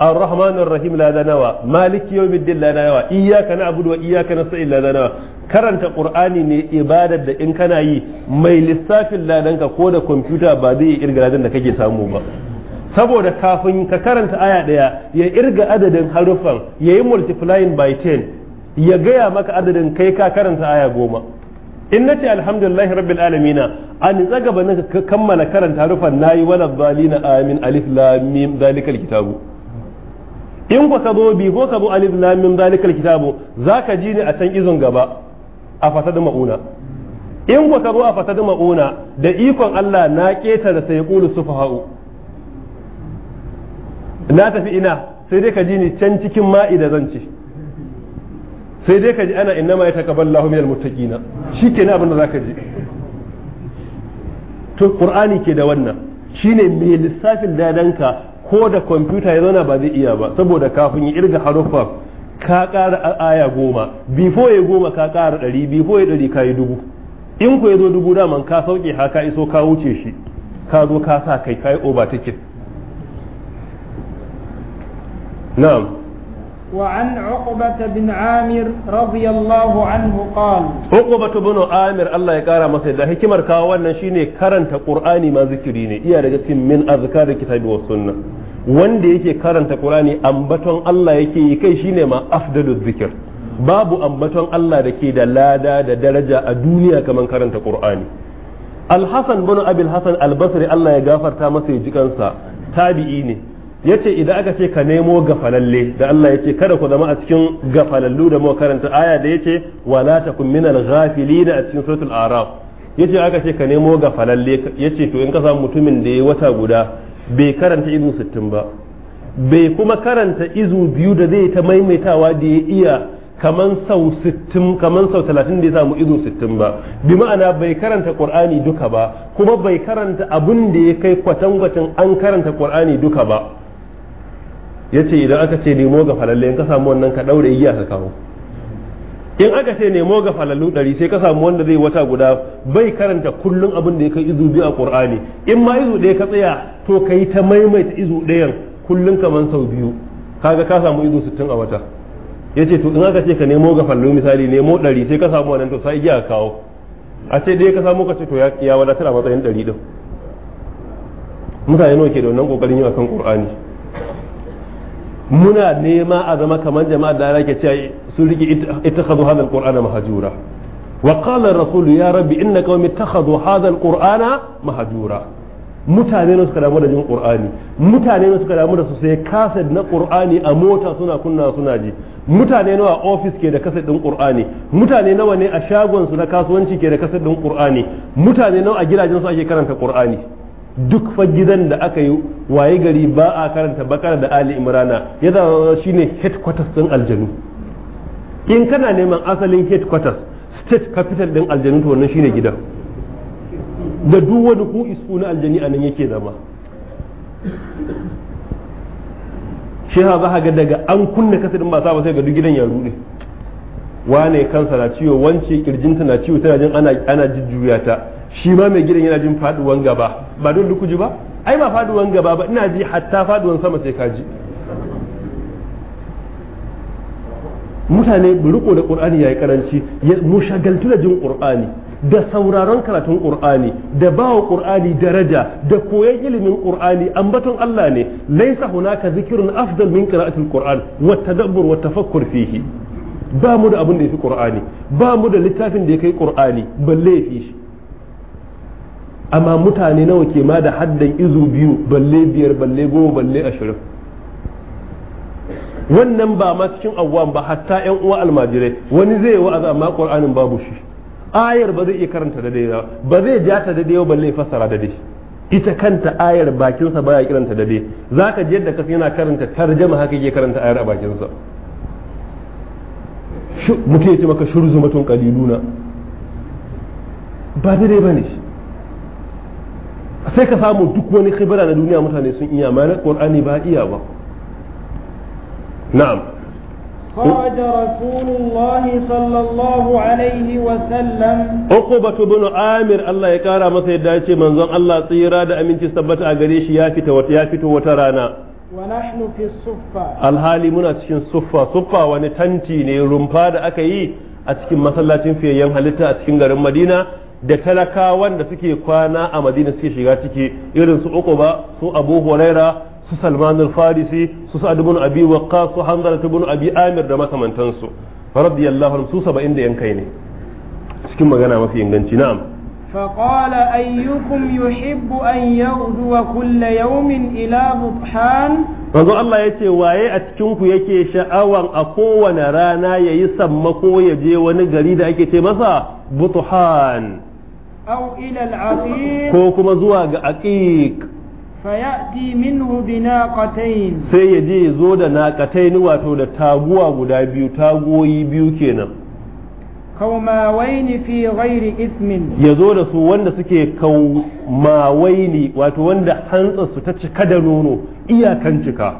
الرحمن الرحيم لا دنوا مالك يوم الدين لا iyaka إياك نعبد وإياك نستعين لا دنوا karanta qur'ani ne ibadar da in kana yi mai lissafin ladanka ko da kwamfuta ba zai irga ladan da kake samu ba saboda kafin ka karanta aya daya ya irga adadin haruffan ya yi multiplying by 10 ya gaya maka adadin kai ka karanta aya goma in nace alhamdulillahi rabbil alamina an tsaga ba na kammala karanta haruffan nayi wala balina amin alif lam mim zalikal kitabu in ku ka zo bi ko ka zo alif lam mim zalikal kitabu zaka ji ni a can izon gaba a fasadu mauna in ku ka zo a fasadu mauna da ikon Allah na ketare sai qulu sufaha'u na tafi ina sai dai ka ji ni can cikin ma'ida zan ci sai dai ka ji ana inna ma yataqabbalu minal muttaqina shikenan abin da ka ji to qur'ani ke da wannan shine mai lissafin dadanka ko da kwamfuta ya zauna ba zai iya ba saboda kafin ya irga haruffa ka kara aya goma bifo ya goma ka kara ɗari bifo ya ɗari ka yi dubu in ku ya zo dubu dama ka sauke ha ka iso ka wuce shi ka zo ka sa kai ka yi over ticket na'am وعن عقبة بن عامر رضي الله عنه قال عقبة بن عامر الله يقارى مثلا هكمر كاوانا شيني كرنت قرآني ما ذكريني إيا رجل من أذكار الكتاب والسنة wanda yake karanta Qur'ani ambaton Allah yake yi kai shine ma afdalu zikir babu ambaton Allah da ke da lada da daraja a duniya kamar karanta Qur'ani Al-Hasan bin Abil Hasan Al-Basri Allah ya gafarta masa ya jikansa tabi'i ne yace idan aka ce ka nemo gafalalle da Allah yace kada ku zama a cikin gafalallu da muka karanta aya da yace wala takum minal ghafilin a cikin suratul araf yace aka ce ka nemo gafalalle yace to in ka samu mutumin da ya wata guda bai karanta izu 60 ba bai kuma karanta izu biyu da zai ta maimaitawa da ya iya kaman sau 60 kaman sau 30 da ya samu izu 60 ba bi ma'ana bai karanta qur'ani duka ba kuma bai karanta abun da ya kai kwatankwacin an karanta qur'ani duka ba ya ce idan aka ce nemo ga falalle in ka samu wannan ka ɗaure igiya ka kawo in aka ce nemo ga falallu ɗari sai ka samu wanda zai wata guda bai karanta kullum abin da ya kai izu biyu a ƙur'ani in ma izu ɗaya ka tsaya to ka yi ta maimaita izu ɗayan kullum kamar sau biyu kaga ka samu izu sittin a wata ya ce to in aka ce ka nemo ga falallu misali nemo ɗari sai ka samu wannan to sai igiya ka kawo a ce ɗaya ka samu ka ce to ya wadatar a matsayin ɗari ɗin mutane nawa ke da wannan ƙoƙarin a kan ƙur'ani muna nema a zama kamar jama'a da ake cewa sun rike ittakhadhu hadal qur'ana mahjura wa qala ar-rasul ya rabbi inna qaumi ittakhadhu hadal qur'ana mahjura mutane ne suka damu da jin qur'ani mutane ne suka damu da su sai kaset na qur'ani a mota suna kunna suna ji mutane nawa a ofis ke da kaset din qur'ani mutane nawa ne a shagon su na kasuwanci ke da kaset din qur'ani mutane nawa a gidajen su ake karanta qur'ani duk fa gidan da aka yi waye gari ba a karanta bakara da ali imrana ya zama shi ne headquarters ɗin aljanu in kana neman asalin headquarters state capital din aljanu to wannan shine gidan da duk wani ku isu na aljani a nan yake zama shi ha ga daga an kunna kasadin ba sa ba sai ga duk gidan ya rude wane kansa na ciwo wance kirjinta na ciwo tana jin ana jujjuya shi ma mai gidan yana jin faɗuwan gaba ba don duku ji ba ai ba faduwan gaba ba ina ji hatta faduwan sama sai ka ji mutane riko da qur'ani yayi karanci mu shagaltu da jin qur'ani da sauraron karatun qur'ani da bawa qur'ani daraja da koyon ilimin qur'ani ambaton Allah ne laisa hunaka zikrun afdal min qira'atil qur'an wa tadabbur wa tafakkur fihi ba mu da abin da yafi qur'ani ba mu da littafin da ya kai qur'ani balle fi shi amma mutane nawa ke ma da haddan izu biyu balle biyar balle goma balle ashirin wannan ba ma cikin awwam ba hatta yan uwa almajirai wani zai yi wa'azi amma qur'anin babu shi ayar ba zai iya karanta da ba ba zai ja ta da daidai balle fasara da daidai ita kanta ayar bakinsa baya kiranta da daidai zaka ji yadda kasa yana karanta tarjama haka yake karanta ayar a bakinsa mutum ya ce maka zumatun qaliluna ba daidai bane shi sai ka samu duk wani khibira na duniya mutane sun iya ma na qur'ani ba iya ba na'am خرج رسول الله صلى الله عليه وسلم عقبة بن عامر الله يكارى مسا يدايتي منزون الله tsira da aminci sabbata a gare shi ya fito wata rana ونحن في الصفة الحالي منا cikin suffa suffa wani tanti ne rumfa da aka yi a cikin masallacin fiyayyen halitta a cikin garin Madina da talakawan da suke kwana a madina suke shiga ciki irin su uquba su abu huraira su salman farisi su sa'ad ibn abi waqqas su hanzala ibn abi amir da makamantansu da anhum su 70 da yankai ne cikin magana mafi inganci na. na'am فقال أيكم يحب أن يغدو كل يوم إلى بطحان manzo Allah ya ce waye a cikinku yake sha'awan a kowane rana ya yi sammako ya je wani gari da ake ce masa butuhan aw ko kuma zuwa ga aqiq sai ya je zo da naqatayn wato da taguwa guda biyu tagoyi biyu kenan kaumawaini fi ghairi ismin ya zo da su wanda suke kaumawaini wato wanda hantsarsu ta cika da nono iyakan cika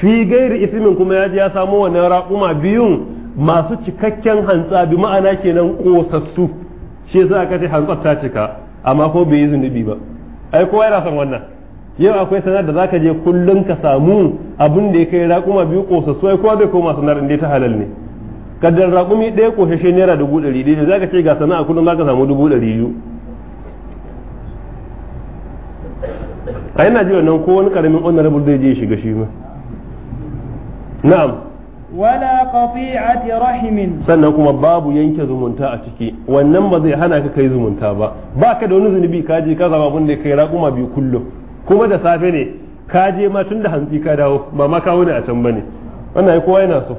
fi gairi ismin kuma ya ji ya samo wannan raƙuma biyun masu cikakken hantsa bi ma'ana kenan ƙosassu shi yasa aka ce hantsar ta cika amma ko bai yi zunubi ba ai kowa yana son wannan yau akwai sanar da zaka je kullum ka samu abin da ya kai raƙuma biyu ƙosassu ai kowa bai koma sanar inda ta halal ne kaddar raƙumi ɗaya ƙosashe naira dubu ɗari ɗaya zaka ce ga sana'a kullum zaka samu dubu ɗari biyu a yana ji wannan ko wani karamin honorable zai je shiga shi ma na'am wala qati'ati rahimin sannan kuma babu yanke zumunta a ciki wannan ba zai hana ka kai zumunta ba ba ka da wani zunubi ka je ka zama abin da kai raƙuma biyu kullum kuma da safe ne ka je ma tun da hantsi ka dawo ba ma kawo ne a can bane wannan ai kowa yana so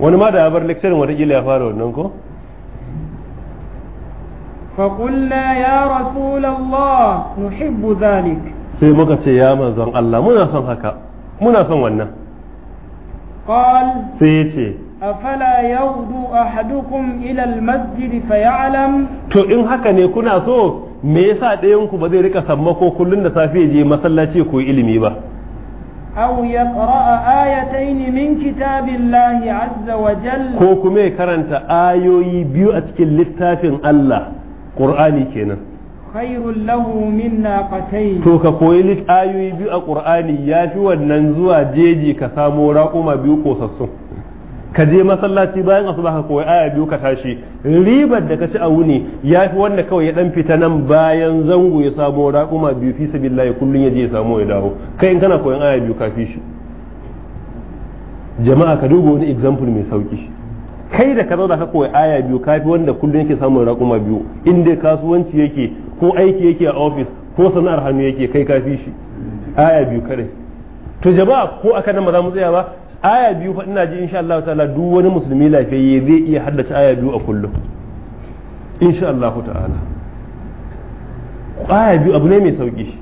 wani ma da ya bar lecturing watakila ya fara wannan ko فقلنا يا رسول الله نحب ذلك sai muka ce ya manzon Allah muna son haka muna son wannan قال سيتي أفلا يغدو أحدكم إلى المسجد فيعلم تو إن هكا نكون so me yasa ɗayan ku ba zai rika sammako kullun da safe je masallaci ko ilimi ba aw yaqra'a ayatayn min kitabillahi azza ko kuma ya karanta ayoyi biyu a cikin littafin Allah ƙur'ani kenan khairul lahu minna qatay to ka koyi lit ayoyi biyu a ya yafi wannan zuwa jeji ka samo raƙuma biyu sassu ka je masallaci bayan asuba ka koyi aya biyu ka tashi ribar da ka ci a wuni ya fi wanda kawai ya dan fita nan bayan zango ya samo raƙuma biyu fi sabilillahi kullun ya je ya samo ya dawo kai in kana koyin aya biyu ka fi shi jama'a ka duba wani example mai sauki kai da ka da ka koyi aya biyu kafi wanda kullum yake samun raƙuma biyu in dai kasuwanci yake ko aiki yake a ofis ko sana'ar hannu yake kai kafi shi aya biyu kare to jama'a ko aka nan ba za mu tsaya ba aya biyu fa ina ji insha Allah ta'ala duk wani musulmi lafiyayye zai iya haddace aya biyu a kullum insha Allah ta'ala aya biyu abu ne mai sauki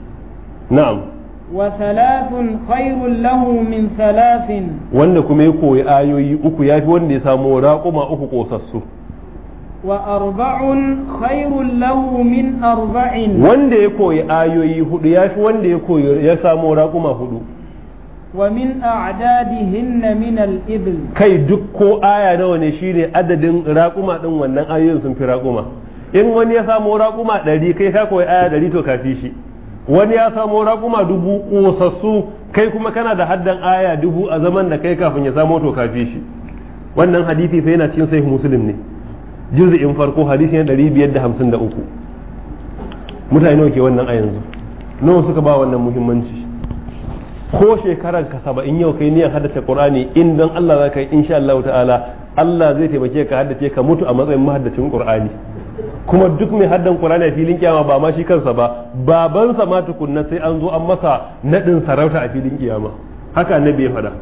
na'am wa salafun khairun lahu min salafin wanda kuma ya koyi ayoyi uku ya fi wanda ya samu raƙuma uku kosassu wa arba'un khairun lahu min arba'in wanda ya koyi ayoyi hudu fi wanda ya koyi ya samu raƙuma hudu wa min a'dadihinna min al-ibl kai duk ko aya nawa ne shine adadin raƙuma din wannan ayoyin sun fi raƙuma in wani ya samu raƙuma ɗari kai ka koyi aya ɗari to kafi shi wani ya samo raƙuma dubu ƙosassu kai kuma kana da haddan aya dubu a zaman da kai kafin ya samo to kafi shi wannan hadisi sai yana cikin sahih muslim ne juz'in farko hadisi ne 553 mutane nawa ke wannan a yanzu nawa suka ba wannan muhimmanci ko shekarar ka saba'in yau kai niyan haddace qur'ani in don Allah za yi insha Allah ta'ala Allah zai taimake ka haddace ka mutu a matsayin mahaddacin qur'ani kuma duk mai haddan Qur'ani a filin kiyama ba ma shi kansa ba babansa ma tukunna sai an zo an masa nadin sarauta a filin kiyama haka annabi ya faɗa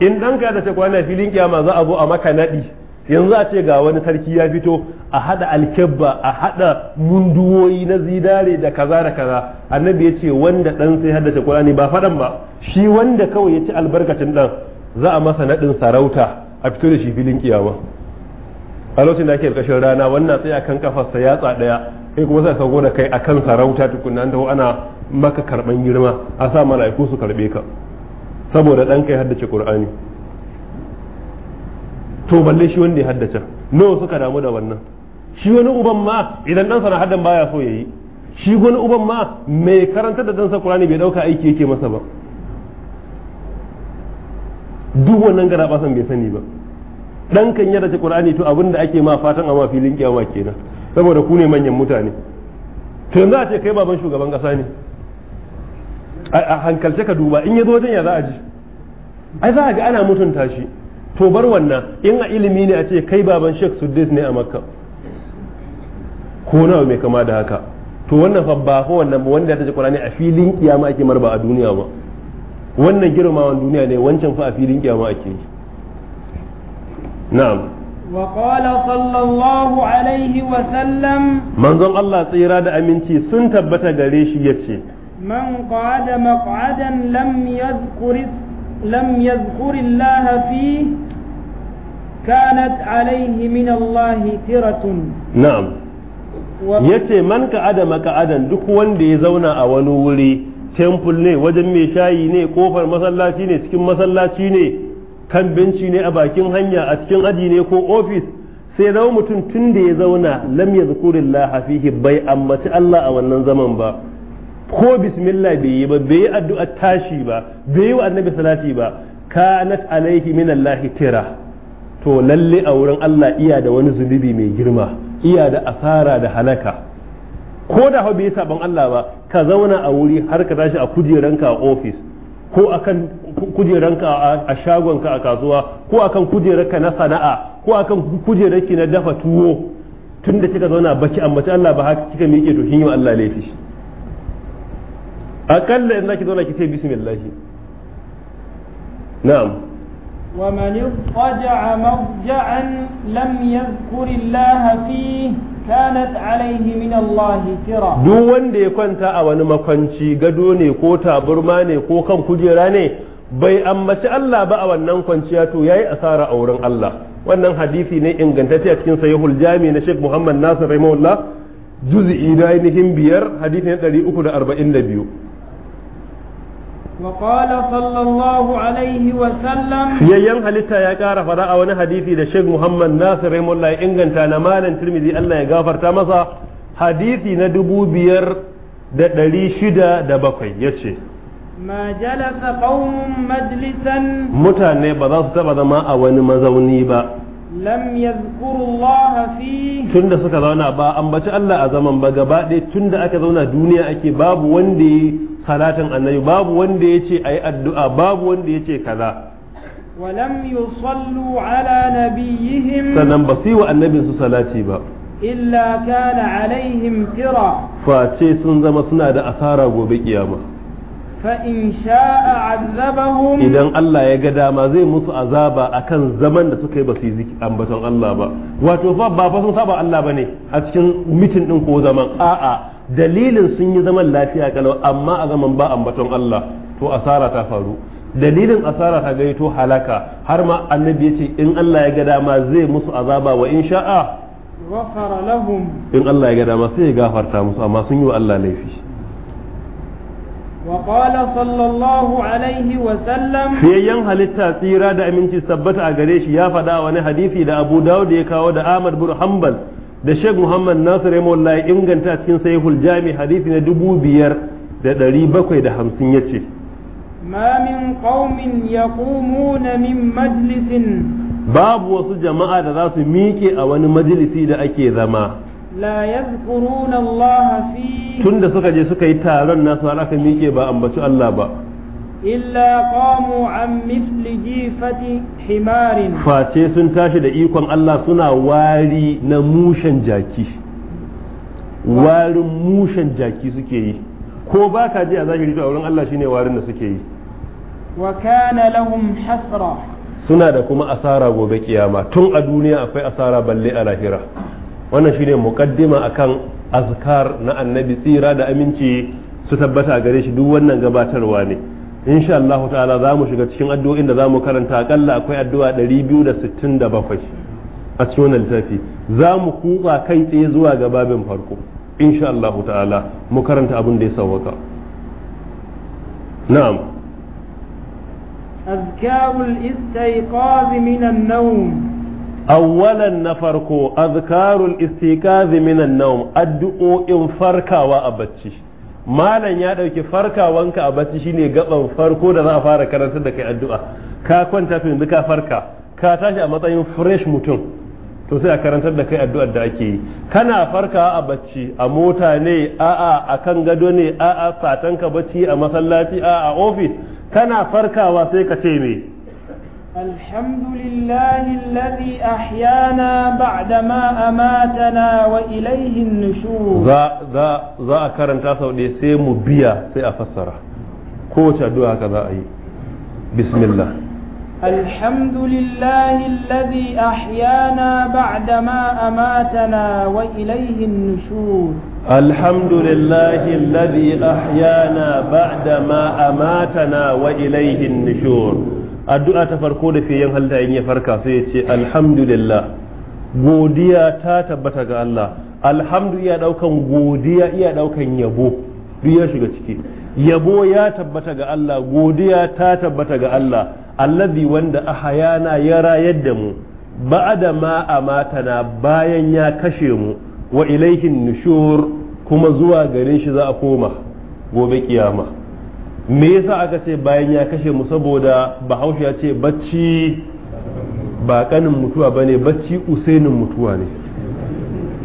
in dan ka da ce Qur'ani a filin kiyama za a zo a maka nadi yanzu a ce ga wani sarki ya fito a hada alkebba a hada munduwoyi na zidare da kaza da kaza annabi ya ce wanda dan sai haddace Qur'ani ba faɗan ba shi wanda kawai ya ci albarkacin dan za a masa nadin sarauta a fito da shi filin kiyama a lokacin da ake karkashin rana wannan tsaye akan kafarsa yatsa daya sai kuma sai ka da kai akan sarauta tukunna an taho ana maka karban girma a sa mala'iku su karbe ka saboda dan kai haddace qur'ani to balle shi wanda ya haddace nawa suka damu da wannan shi wani uban ma idan dan sana haddan baya so ya yi shi wani uban ma mai karanta da dan sa qur'ani bai ɗauka aiki yake masa ba duk wannan san bai sani ba dan kan yarda ta qur'ani to abin da ake ma fatan amma filin kiyama kenan saboda ku ne manyan mutane to yanzu a ce kai baban shugaban kasa ne a hankalce ka duba in ya zo wajen ya za a ji ai za a ga ana mutunta shi to bar wannan in a ilimi ne a ce kai baban Sheikh Suddis ne a Makka ko nawa mai kama da haka to wannan fa ba ko wannan wanda ta ji Qur'ani a filin kiyama ake marba a duniya ba wannan girmawan duniya ne wancan fa a filin kiyama ake yi na'am وقال صلى sallallahu alaihi wa sallam manzon Allah tsira da aminci sun tabbata gare shi yace man qa'ada maq'adan lam yadhkur lam yadhkur Allah fi kanat alaihi min Allah tiratun yace man ka maka'adan duk wanda ya zauna a wani wuri temple ne wajen mai shayi ne kofar masallaci ne cikin masallaci ne kan benci ne a bakin hanya a cikin aji ne ko ofis sai zama mutum tun da ya zauna lam Laha fihi bai ammaci Allah a wannan zaman ba ko bismillah bai yi ba bai yi addu'a tashi ba bai yi wa annabi salati ba kanat alaihi min tira to lalle a wurin Allah iya da wani zunubi mai girma iya da asara da halaka ko da hau bai saban Allah ba ka zauna a wuri har ka tashi a kujeranka a ofis ko akan kujeranka a shagonka a kasuwa ko akan ka na sana'a ko akan ki na dafa tuwo tun da kika zauna baki ta Allah ba haka kika miƙe to kin yi Allah laifi akalla idan zaki zauna ki bismillah na'am ومن اضطجع مضجعا لم يذكر الله فيه kanat alaihi min Allah tira duk wanda ya kwanta a wani makwanci gado ne ko taburma ne ko kan kujera ne bai ambaci Allah ba a wannan kwanciya to yayi asara a wurin Allah wannan hadisi ne ingantacce a cikin sahihul jami na Sheikh Muhammad Nasir rahimahullah juz'i da ainihin biyar hadisi na 342 وقال صلى الله عليه وسلم يا halitta ya ƙara fara a wani hadisi da Sheikh Muhammad Nasir Rahimullah ya inganta na malam Tirmidhi Allah ya gafarta masa hadisi na dubu biyar da ɗari shida da bakwai ya ce ma jalasa majlisan mutane ba za su taɓa zama a wani mazauni ba lam yadhkurullaha fi tun da suka zauna ba ambaci Allah a zaman ba gaba ɗaya tun da aka zauna duniya ake babu wanda ya salatin annabi babu wanda ya ce ayi addu'a babu wanda ya ce kaza ولم يصلوا على نبيهم سنن بسيوا النبي صلاتي با إلا كان عليهم sun zama suna da asara gobe kiyama. in sha'a azabahum idan Allah ya ga dama zai musu azaba akan zaman da suka yi ba su yi ambaton Allah ba wato fa ba fa sun saba Allah ba ne a cikin mitin ɗin ko zaman a'a dalilin sun yi zaman lafiya kalau amma a zaman ba ambaton Allah to asara ta faru dalilin asara ta to halaka har ma annabi yace in Allah ya ga dama zai musu azaba wa in sha'a ghafara lahum in Allah ya ga dama sai ya gafarta musu amma sun yi wa Allah laifi وقال صلى الله عليه وسلم في ين هلتا تيرا دا امينتي ثبت ا غريش يا فدا وني حديثي دا ابو داود يا كاو دا احمد بن حنبل da Sheikh Muhammad Nasir Mollaye inganta a cikin Sahihul Jami na dubu biyar da ɗari bakwai da hamsin ya ce. Ma min qaumin yaqumuna min majlisin Babu wasu jama'a da za su miƙe a wani majlisi da ake zama. la yadhkuruna Allah fi tunda suka je suka yi taron nasu har aka mike ba ambaci Allah ba illa qamu an mithli jifati himarin face sun tashi da ikon Allah suna wari na mushen jaki warin mushen jaki suke yi ko ba ka ji a zahiri a wurin Allah shine warin da suke yi wa kana lahum hasra suna da kuma asara gobe kiyama tun a duniya akwai asara balle a lahira wannan shine a akan azkar na annabi tsira da aminci su tabbata gare shi duk wannan gabatarwa ne insha Allah ta'ala za mu shiga cikin addu'o'in da za mu karanta akalla akwai addu'a 267 a cikin littafi za mu kuka kai tsaye zuwa ga babin farko insha Allah ta'ala mu karanta abin da ya sauwaka na'am أذكار الاستيقاظ من النوم awwalan na farko azkarul istiqazi minan nawm addu'o'in farkawa a bacci malam ya dauki farkawanka a bacci shine gaban farko da za a fara karantar da kai addu'a ka kwanta to yanzu ka farka ka tashi a matsayin fresh mutum to sai a karantar da kai addu'ar da ake yi kana farkawa a bacci a mota ne a'a a kan gado ne a'a satanka bacci a masallaci a'a ofis kana farkawa sai ka ce me الحمد لله الذي أحيانا بعدما أماتنا وإليه النشور ذا ذا ذا كرن تاسو دي سي مبيا سي أفسر كوتا دعا كذا أي بسم الله الحمد لله الذي أحيانا بعدما أماتنا وإليه النشور الحمد لله الذي أحيانا بعدما أماتنا وإليه النشور addu'a ta farko da fiye halitta in ya farka sai ya ce alhamdulillah godiya ta tabbata ga Allah alhamdu iya daukan godiya iya daukan yabo duk ya shiga ciki yabo ya tabbata ga Allah godiya ta tabbata ga Allah allazi wanda ahayana ya rayar da mu ba'da ma amatana bayan ya kashe mu wa ilaihin nushur kuma zuwa gare shi za a koma gobe kiyama me yasa aka ce bayan ya kashe mu saboda bahaushe ya ce bacci ba kanin mutuwa ba ne bacci usainin mutuwa ne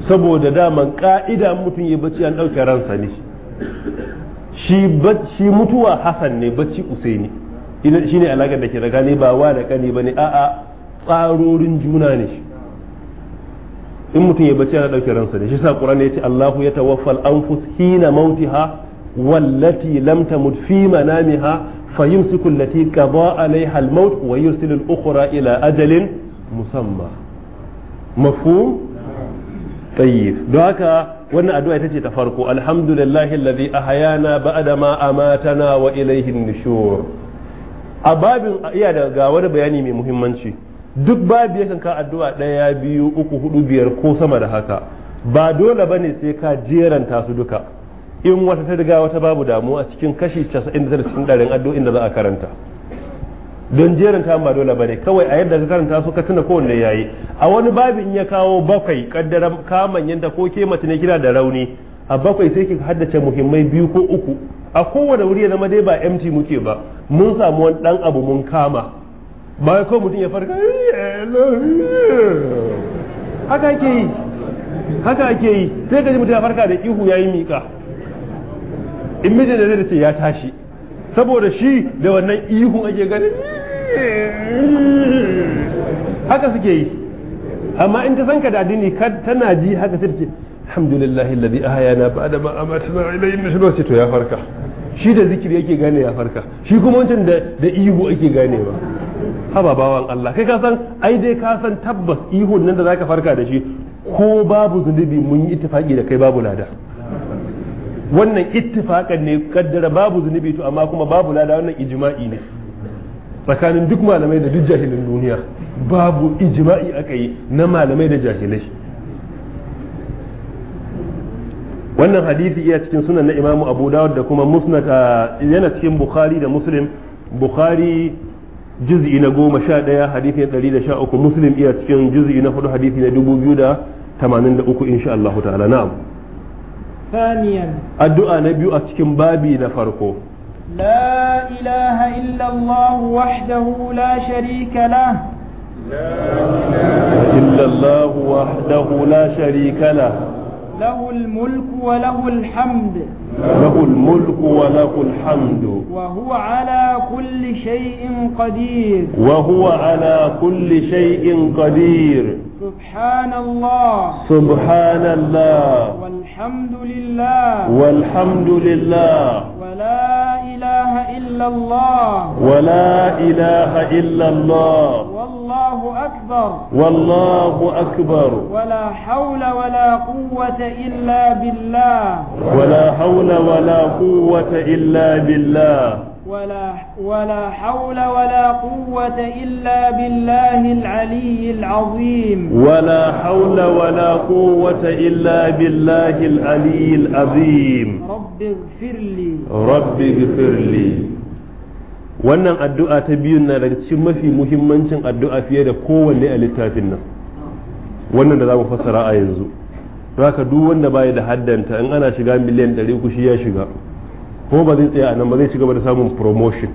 saboda daman ka'ida mutum ya bacci an ɗauke ransa ne shi mutuwa hasan ne bacci usaini shi ne alaƙar da ke daga ne ba wa da kani ba ne a'a tsarorin juna ne in mutum ya bacci ana ɗauke ransa ne shi sa ne ya ce allahu ya tawaffal anfus hina mautiha wallati lam tamut fi manamiha fayumsiku allati qada alaiha al-maut wa yursilu ila ajalin musamma mafhum tayyib don haka wannan addu'a ita ce ta farko alhamdulillahi alladhi ahayana ba'da ma amatana wa ilayhi nushur a babin iya da ga wani bayani mai muhimmanci duk babu yakan ka addu'a ɗaya biyu uku huɗu biyar ko sama da haka ba dole bane sai ka jeranta su duka in wata ta riga wata babu damuwa cikin kashi 99 cikin ɗarin addu'o da za a karanta don jerin ta ba dole bane kawai a yadda ka karanta su ka tuna kowanne yayi a wani babin ya kawo bakwai kaddara kaman yanda ko ke mace ne kira da rauni a bakwai sai ki haddace muhimmai biyu ko uku a kowane wuri ya zama dai ba MT muke ba mun samu wani dan abu mun kama ba ko mutum ya farka haka ake yi haka ake yi sai ka ji mutum ya farka da ihu yayi miƙa in mijin da zai ce ya tashi saboda shi da wannan ihun ake ganin haka suke yi amma in ta san ka dadini addini tana ji haka sai ce alhamdulillahi alladhi ahyana ba'da ma amatna ilayhi nushur sai to ya farka shi da zikiri yake gane ya farka shi kuma wancan da da ihu ake ganewa haba bawan Allah kai ka san ai dai ka san tabbas ihun nan da zaka farka da shi ko babu zunubi mun yi ittifaki da kai babu lada wannan ittifaqan ne kaddara babu zunubi to amma kuma babu lada wannan ijma'i ne tsakanin duk malamai da duk jahilin duniya babu ijma'i aka yi na malamai da jahilai wannan hadisi iya cikin sunan na imamu abu dawud da kuma musnad yana cikin bukhari da muslim bukhari juz'i na goma sha ɗaya hadisi na ɗari da sha uku muslim iya cikin juz'i na hudu hadisi na dubu biyu da tamanin da uku insha Allah ta'ala na'am ثانيا الدعاء نبي أتكم بابي نفرقه لا إله إلا الله وحده لا شريك له لا إله إلا الله وحده لا شريك له له الملك وله الحمد له الملك وله الحمد وهو على كل شيء قدير وهو على كل شيء قدير سبحان الله سبحان الله الحمد لله والحمد لله ولا إله إلا الله ولا إله إلا الله والله أكبر والله أكبر ولا حول ولا قوة إلا بالله ولا حول ولا قوة إلا بالله ولا ولا حول ولا قوة إلا بالله العلي العظيم ولا حول ولا قوة إلا بالله العلي العظيم رب اغفر لي رب اغفر لي wannan addu'a ta biyu na daga cikin mafi muhimmancin addu'a fiye da kowanne a littafin nan wannan da za mu fassara a yanzu haka duk wanda baya da haddanta in ana shiga miliyan ɗari 300 shi ya shiga ko ba zai tsaya nan ba zai ci gaba da samun promotion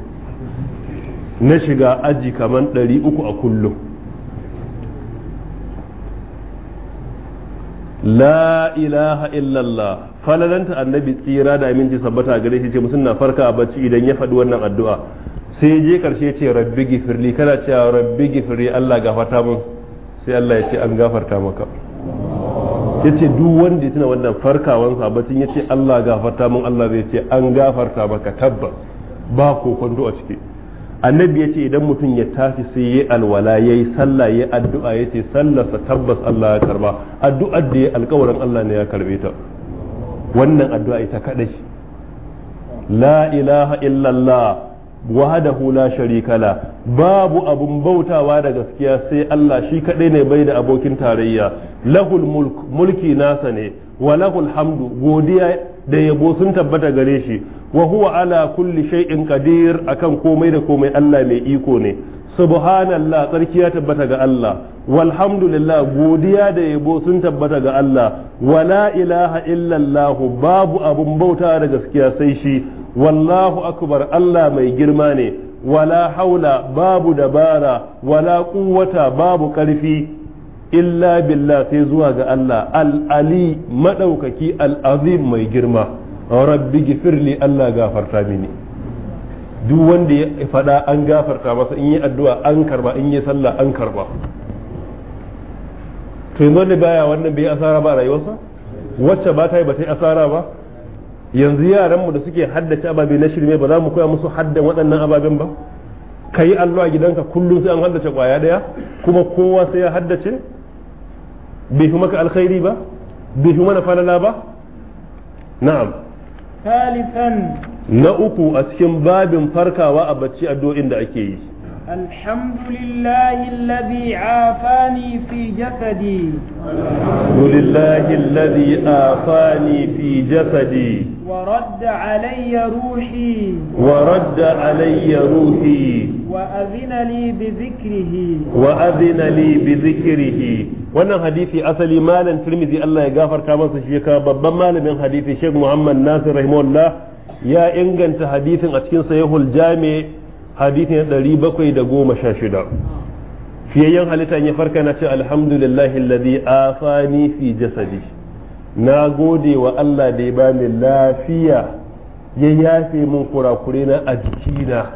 na shiga aji kaman uku a kullum la ilaha illallah falalanta annabi tsira da aminci sabbata gare shi ce mutum na farka a bacci idan ya faɗi wannan addu'a sai je karshe ce rabbi gifirli kana cewa rabbi gifirli Allah gafarta mun sai Allah ya ce an gafarta maka yace duk wanda ya tuna wannan farkawan sabatin ce Allah gafarta mun Allah zai ce an gafarta maka tabbas ba ko kwando a ciki annabi ya ce idan mutum ya tafi sai yayi alwala ya yi sallah yayi addu'a ya ce yace sa tabbas Allah ya karba addu'ar da ya alkawarin Allah ne ya karbe ta wannan addu'a ita kadai la ilaha illallah wahdahu la sharika la babu abun bautawa da gaskiya sai Allah shi kadai ne bai da abokin tarayya lahul mulk mulki nasa ne wa lahul hamdu godiya da yabo sun tabbata gare shi wa huwa ala kulli shay'in qadir akan komai da komai Allah mai iko ne subhanallah tsarkiya ya tabbata ga Allah walhamdulillah godiya da yabo sun tabbata ga Allah wala ilaha illallah babu abun bautawa da gaskiya sai shi wallahu akbar Allah mai girma ne wala haula babu dabara wala quwwata babu karfi illa billah sai zuwa ga Allah al-ali madaukaki al-azim mai girma rabbi gifirli Allah gafarta mini duk wanda ya faɗa an gafarta masa in yi addu'a an karba in yi sallah an karba to yanzu ne baya wannan bai asara ba rayuwarsa wacce ba ta yi ba ta yi asara ba yanzu yaranmu da suke haddace ababe na shirme ba za mu koya musu haddan waɗannan ababen ba ka yi allo a gidanka kullum sai an haddace kwaya ɗaya. kuma kowa sai ya haddace bai fi maka alkhairi ba bai fi mana falala ba na'am talisan na uku a cikin babin farkawa a bacci addu'o'in da ake yi الحمد لله الذي عافاني في جسدي الحمد لله الذي عافاني في جسدي ورد علي روحي ورد علي روحي وأذن لي بذكره وأذن لي بذكره wannan hadisi asali malam tirmidhi Allah ya gafarta masa shi ka babban malamin hadisi Sheikh Muhammad Nasir rahimahullah ya inganta hadisin a cikin sahihul jami hadisi na Fiye fiyayyen halitta ya farka na ce alhamdulillahi alladhi afani fi jasadi na gode wa Allah da ya bani lafiya ya yafe min kurakure na a jikina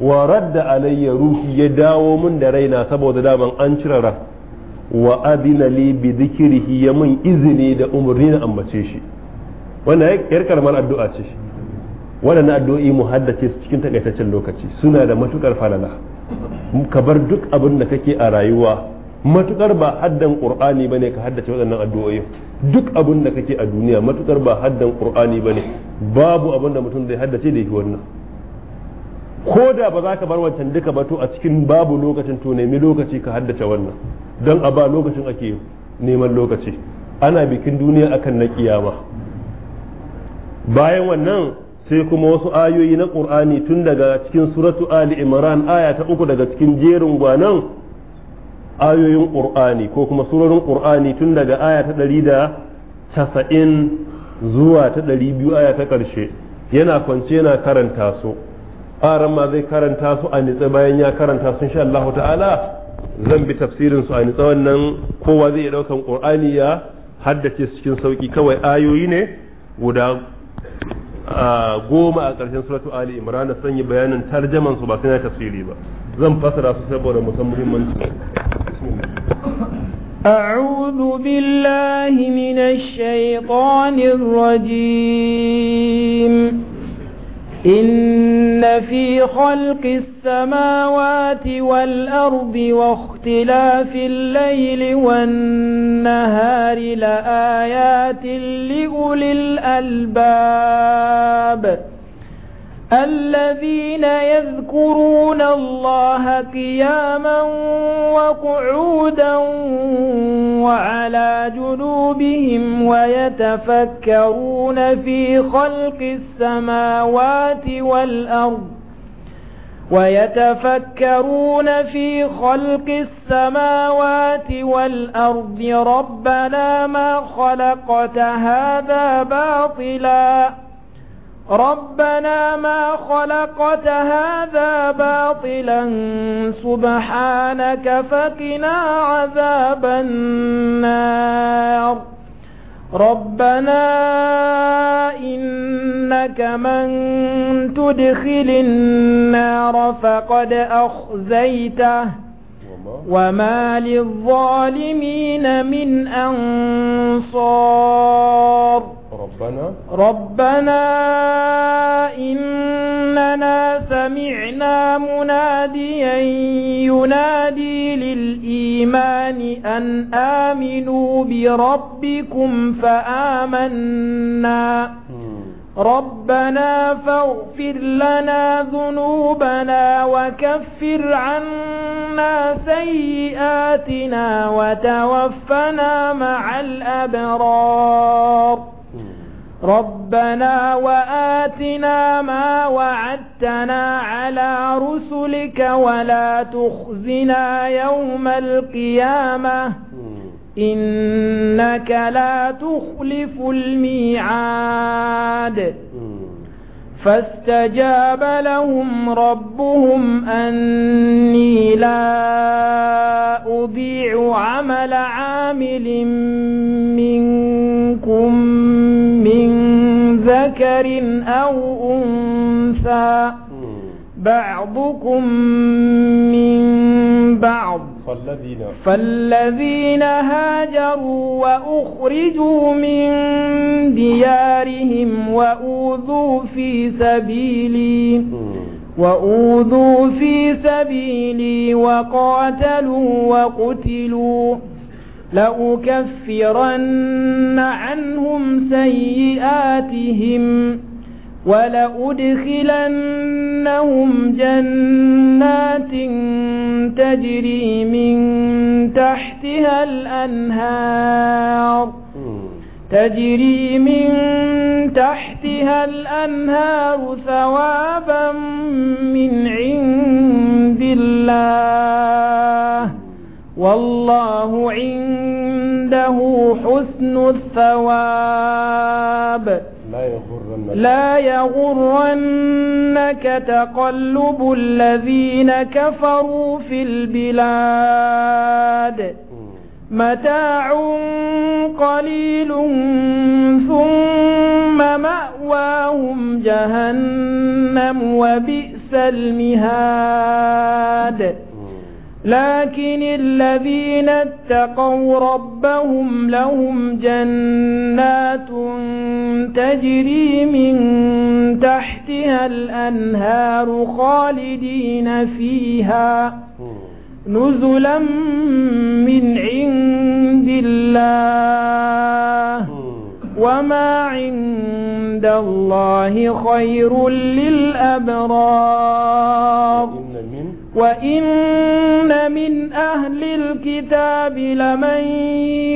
wa radda alayya ruhi ya dawo min da raina saboda daman an cire ran wa adina li bi dhikrihi ya min izini da umarni na ambace shi wannan yar karamar addu'a ce wannan addu'o'i mu haddace su cikin takaitaccen lokaci suna da matukar falala ka bar duk abin da kake a rayuwa matukar ba haddan qur'ani bane ka haddace waɗannan addu'o'i duk abin da kake a duniya matukar ba haddan qur'ani bane babu abin da mutum zai haddace da yake wannan ko da ba za ka bar wancan duka ba to a cikin babu lokacin to nemi lokaci ka haddace wannan dan a ba lokacin ake neman lokaci ana bikin duniya akan na kiyama bayan wannan sai kuma wasu ayoyi na qur'ani tun daga cikin suratu ali imran aya ta uku daga cikin jerin gwanan ayoyin qur'ani ko kuma surorin qur'ani tun daga aya ta ɗari da casa'in zuwa ta ɗari biyu aya ta ƙarshe yana kwance yana karanta su ƙaran ma zai karanta su a nitsa bayan ya karanta su insha Allah ta'ala zan bi tafsirin su a nitsa wannan kowa zai ɗaukan qur'ani ya haddace cikin sauki kawai ayoyi ne guda goma a ƙarshen suratu ali imran da sanya bayanin tarjaman su ba sai na tafsiri ba zan fasara su saboda musan muhimmanci أعوذ بالله من الشيطان الرجيم إن في خلق السماوات والأرض واختلاف الليل والنهار لآيات لأولي الألباب الذين يذكرون الله قياما وقعودا وعلى جنوبهم ويتفكرون في خلق السماوات والأرض ويتفكرون في خلق السماوات والأرض ربنا ما خلقت هذا باطلاً ربنا ما خلقت هذا باطلا سبحانك فقنا عذاب النار ربنا إنك من تدخل النار فقد أخزيته وما للظالمين من أنصار ربنا ربنا إننا سمعنا مناديا ينادي للإيمان أن آمنوا بربكم فآمنا ربنا فاغفر لنا ذنوبنا وكفر عنا سيئاتنا وتوفنا مع الأبرار ربنا وآتنا ما وعدتنا على رسلك ولا تخزنا يوم القيامة إنك لا تخلف الميعاد فاستجاب لهم ربهم أني لا أضيع عمل عامل منكم من ذكر أو أنثى بعضكم من بعض فالذين, فالذين هاجروا وأخرجوا من ديارهم وأوذوا في سبيلي وأوذوا في سبيلي وقاتلوا وقتلوا لأكفرن عنهم سيئاتهم ولأدخلنهم جنات تجري من تحتها الأنهار تجري من تحتها الأنهار ثوابا من عند الله والله عنده حسن الثواب لا يغرنك, لا يغرنك تقلب الذين كفروا في البلاد متاع قليل ثم مأواهم جهنم وبئس المهاد لكن الذين اتقوا ربهم لهم جنات تجري من تحتها الأنهار خالدين فيها نزلا من عند الله وما عند الله خير للأبرار وإن من أهل الكتاب لمن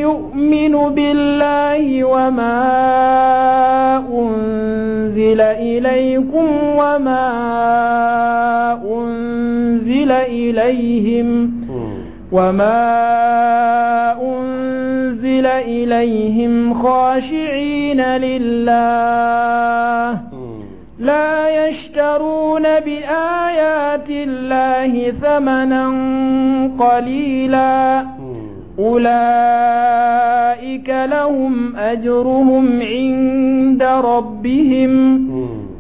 يؤمن بالله وما أنزل إليكم وما أنزل إليهم وما أنزل إليهم خاشعين لله لا يشترون بآيات الله ثمنا قليلا أولئك لهم أجرهم عند ربهم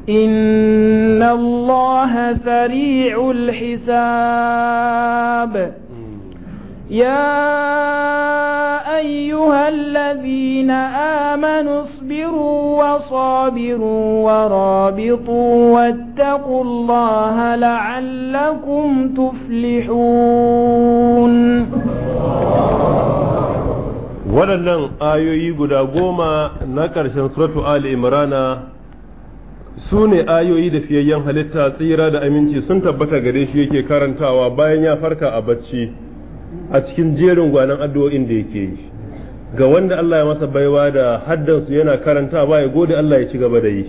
إن الله سريع الحساب يا أيها الذين آمنوا اصبروا وصابروا ورابطوا واتقوا الله لعلكم تفلحون waɗannan ayoyi guda goma na ƙarshen suratu Ali Imrana sune ayoyi da fiyayyen halitta tsira da aminci sun tabbata gare shi yake karantawa bayan ya farka a bacci a cikin jerin gwanan addu'o'in da yake yi ga wanda Allah ya masa baiwa da haddansu yana karanta ba ya gode Allah ya ci gaba da yi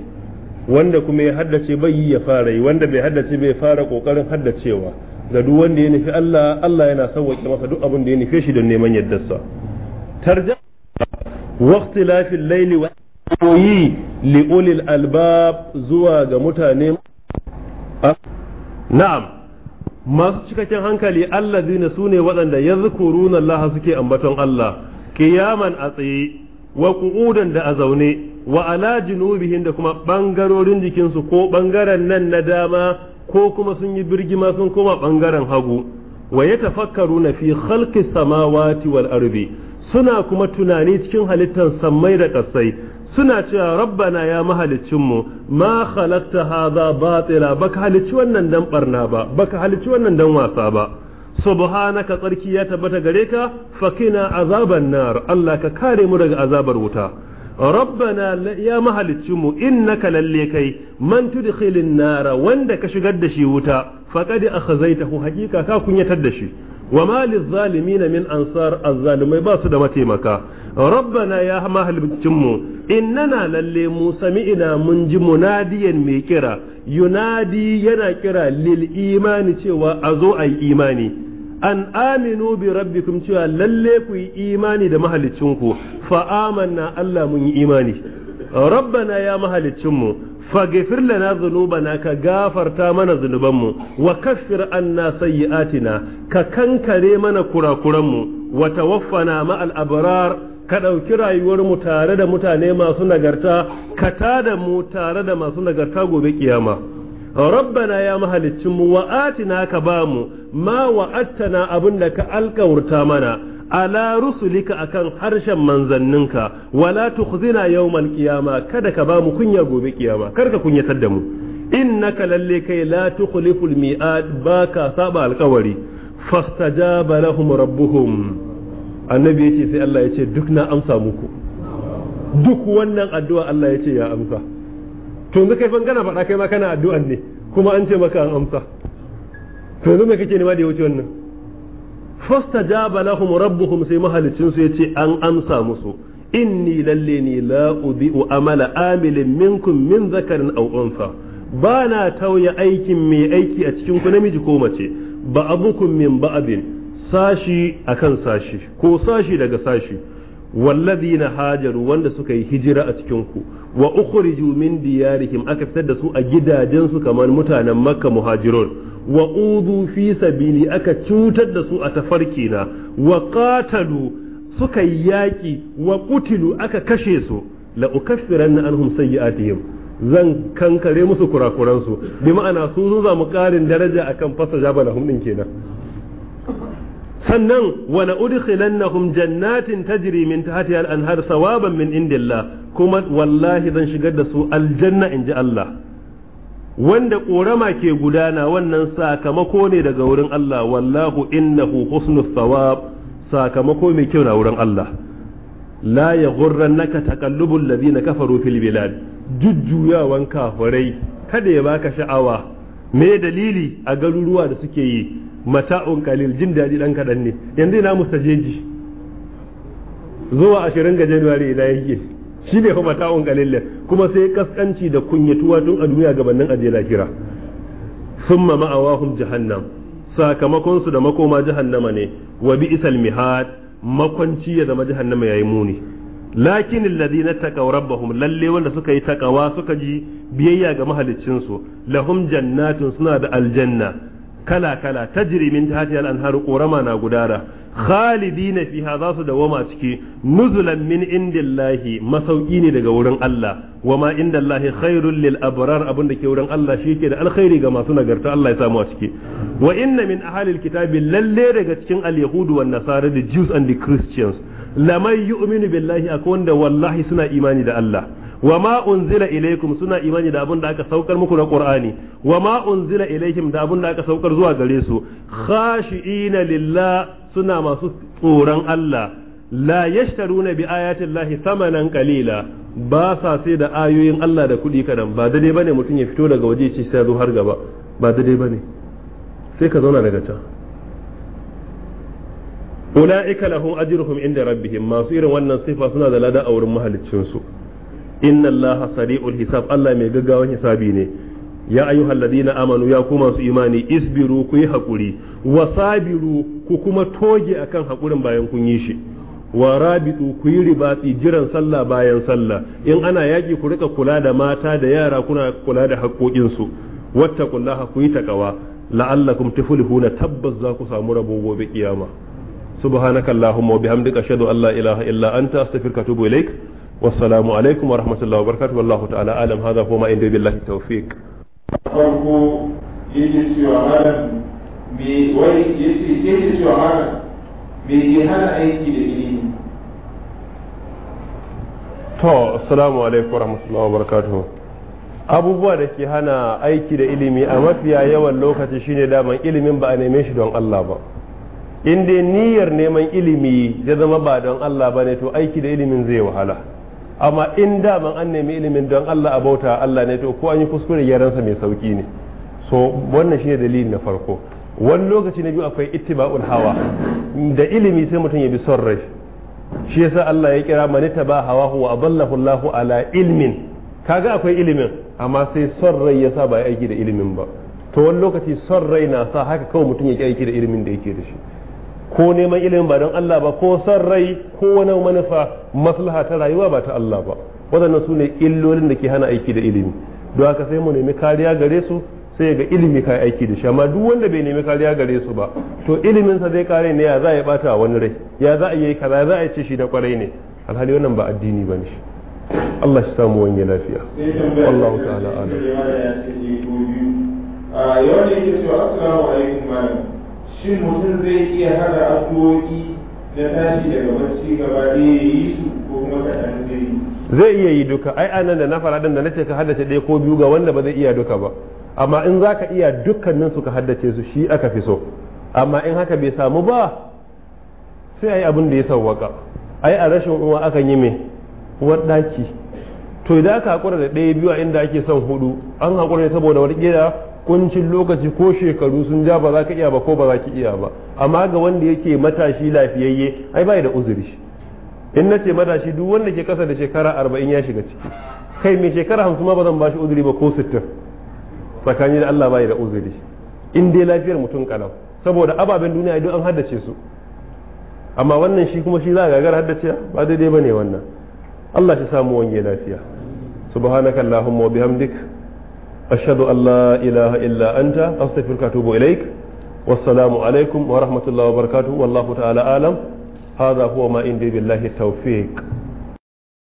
wanda kuma ya haddace bai yi ya fara yi wanda bai haddace bai fara kokarin haddacewa ga duk wanda ya nufi Allah Allah yana sauwaƙe masa duk abin da ya nufe shi don neman yaddarsa tarjama waqti lafil laili wa koyi li albab zuwa ga mutane na'am masu cikakken hankali allazina su ne waɗanda yadhkuruna Allah suke ambaton Allah kiyaman a tsaye wa da a zaune wa ala junubihin da kuma ɓangarorin jikinsu ko ɓangaren nan na dama ko kuma sun yi birgima sun koma ɓangaren hagu wa ya na fi halki samawati wal arbi suna kuma tunani cikin halittar sammai da ƙasai suna cewa rabbana ya mahalicinmu ma halatta haza batila baka halicci wannan dan barna ba baka halicci wannan dan wasa ba subhanaka tsarki ya tabbata gare ka fakina azaban nar Allah ka kare mu daga azabar wuta rabbana ya mahalicinmu innaka lalle kai man tudkhilin nara wanda ka shigar da shi wuta faqad akhzaytahu haqiqa ka kunyatar da shi wa zalimi da min ansar azzalimai ba su da mataimaka rabbana ya mahalicin mu innana lalle mu sami'ina mun ji munadiyan mai kira yunadi yana kira lil imani cewa a zo a yi imani an aminu bi rabbikum cewa lalle ku yi imani da mahalicinku fa amanna Allah mun yi imani rabbana ya mahalicin mu faghfir لنا ذنوبنا ka gafarta mana zunubanmu wa سيئاتنا anna atina, ka kankare mana kurakuranmu wa tawaffana ma'al ka ɗauki rayuwarmu tare da mutane masu nagarta ka tada mu tare da masu nagarta gobe kiyama rabbana ya mahaliccinmu wa atina ka mu ma wa'attana abin da ka alkawurta mana ala rusulika akan harshen manzanninka wala tukhzina yawmal qiyama kada ka ba mu kunya gobe kiyama karka kunya kunyatar da mu innaka lalle kai la tukhliful mi'ad baka saba alkawari fastajaba lahum rabbuhum annabi yace sai Allah yace duk na amsa muku duk wannan addu'a Allah yace ya amsa to yanzu kai kana faɗa kai ma kana addu'an ne kuma an ce maka an amsa to yanzu me kake nema da ya wuce wannan Fasta fastajaba lahum rabbuhum sai mahalicin su yace an amsa musu inni lalle ni la udhi'u amala amilin minkum min zakarin aw unsa ba na tauya aikin mai aiki a cikin ku namiji ko mace ba ba'abukum min ba'abin sashi akan sashi ko sashi daga sashi wallazina hajaru wanda suka yi hijira a cikin ku wa ukhriju min diyarihim aka fitar da su a gidajensu kamar mutanen makka muhajirun wa udu fi sabili aka cutar da su a tafarki na wa qatalu suka yaƙi wa kutilu aka kashe su la ukaffiranna anhum sayyi'atihim zan kankare musu kurakuransu bi ma'ana su zo za mu ƙarin daraja akan fasa jabalahum din kenan sannan wa na udkhilannahum jannatin tajri min tahtiha al-anhar sawaban min indillah kuma wallahi zan shigar da su aljanna in ji Allah wanda korama ke gudana wannan sakamako ne daga wurin Allah wallahu innahu husnu thawab sakamako mai kyau na wurin Allah la naka taqallubul ladina kafaru fil bilad jujjuyawan kafirai kada ya baka sha'awa me dalili a garuruwa da suke yi mata'un kalil jin daji dan kaɗan ne yanzu ina mustajeji zuwa ashirin ga januwari idan yake shi ne fa mata'un kalil kuma sai kaskanci da kunyatuwa tun a duniya gabanin aje lahira thumma ma'awahum jahannam sakamakon su da makoma jahannama ne wa bi isal mihad makwanci ya zama jahannama yayi muni lakin alladhina taqaw rabbahum lalle wanda suka yi takawa suka ji biyayya ga mahaliccinsu lahum jannatun suna da aljanna kala kala tajri min tahtiha al-anhar qurama na gudara khalidina fiha za su wama ciki nuzulan min indillahi masauki ne daga wurin Allah wama indallahi khairul lil abrar abun da ke wurin Allah shi ke da alkhairi ga masu nagarta Allah ya samu a ciki wa inna min ahalil kitabi lalle daga cikin alyahudu wan nasara the jews and the christians lamay yu'minu billahi akwai wanda wallahi suna imani da Allah wa ma unzila ilaikum suna imani da abin da aka saukar muku na qur'ani wa ma unzila ilaihim da abin da aka saukar zuwa gare su khashiina lillah suna masu tsoron Allah la yashtaruna bi ayati llahi thamanan qalila ba sa sai da ayoyin Allah da kuɗi kadan ba daidai bane mutum ya fito daga waje ce sai zo har gaba ba daidai bane sai ka zauna daga can ulaika lahum ajruhum inda rabbihim masu irin wannan sifa suna da lada a wurin mahaliccinsu su inna allaha sari'ul hisab Allah mai gaggawan hisabi ne ya ayyuhal na amanu ya kuma su imani isbiru kuyi haƙuri hakuri wa sabiru ku kuma toge akan hakurin bayan kun yi shi wa rabitu kuyi ribatsi jiran sallah bayan sallah in ana yaki ku rika kula da mata da yara kuna kula da haƙoƙinsu wattaqullaha ku yi takawa la'allakum tuflihuna tabbas za ku samu rabo gobe kiyama subhanakallahumma wa bihamdika ashhadu an la ilaha illa anta astaghfiruka wa atubu ilaik والسلام alaikum wa الله wa والله تعالى ta'ala هذا هو ما ma بالله التوفيق malam me wai malam me hana aiki da to assalamu alaikum wa rahmatullahi wa barakatuh abubuwa da ke hana aiki da ilimi a mafiya yawan lokaci shine daman ilimin ba a neme shi don Allah ba inda niyyar neman ilimi ya zama ba don Allah ba ne to aiki da ilimin zai wahala amma in da daman an nemi ilimin don Allah a bauta Allah ne to ko an yi kuskure yaransa mai sauki ne so wannan shine dalilin na farko wani lokaci na biyu akwai ittiba'ul hawa da ilimi sai mutum ya bi son rai shi yasa Allah ya kira man taba hawa wa adallahu Allahu ala ilmin kaga akwai ilimin amma sai son rai yasa ba ya aiki da ilimin ba to wani lokaci son rai na sa haka kawai mutum ya aiki da ilimin da yake da shi ko neman ilimin ba don Allah ba ko san rai ko wani manufa maslaha ta rayuwa ba ta Allah ba waɗannan su ne illolin da ke hana aiki da ilimi don haka sai mu nemi kariya gare su sai ga ilimi kai aiki da shi amma duk wanda bai nemi kariya gare su ba to ilimin sa zai kare ne ya za a bata wani rai ya za a yi kaza za a ce shi da kwarai ne alhali wannan ba addini bane shi Allah shi samu wani lafiya Allah ta'ala alam a yau ne ke cewa assalamu alaikum malam shin mutum zai iya hada addu'o'i da tashi daga barci gaba da ya yi su ko kuma kaɗan zai yi zai iya yi duka ai anan da na fara da na ka haddace ɗaya ko biyu ga wanda ba zai iya duka ba amma in za ka iya dukkanin su ka haddace su shi aka fi so amma in haka bai samu ba sai ai abin da ya sauwaka ai a rashin uwa akan yi mai uwar to idan aka hakura da ɗaya biyu a inda ake son hudu an hakura ne saboda wani gida kuncin lokaci ko shekaru sun ja ba za ka iya ba ko ba za ki iya ba amma ga wanda yake matashi lafiyayye ai bai da uzuri in na ce matashi duk wanda ke kasa da shekara arba'in ya shiga ciki kai mai shekara hamsin ma ba zan bashi uzuri ba ko sittin tsakani da Allah bai da uzuri in dai lafiyar mutum kalau saboda ababen duniya duk an haddace su amma wannan shi kuma shi za a gagar haddace ba daidai bane wannan Allah shi samu wanye lafiya subhanakallahumma wa bihamdika ashhadu an la ilaha illa anta astaghfiruka wa atubu ilaik wassalamu alaikum wa rahmatullahi wa barakatuh wallahu ta'ala alam hadha huwa ma indi billahi tawfiq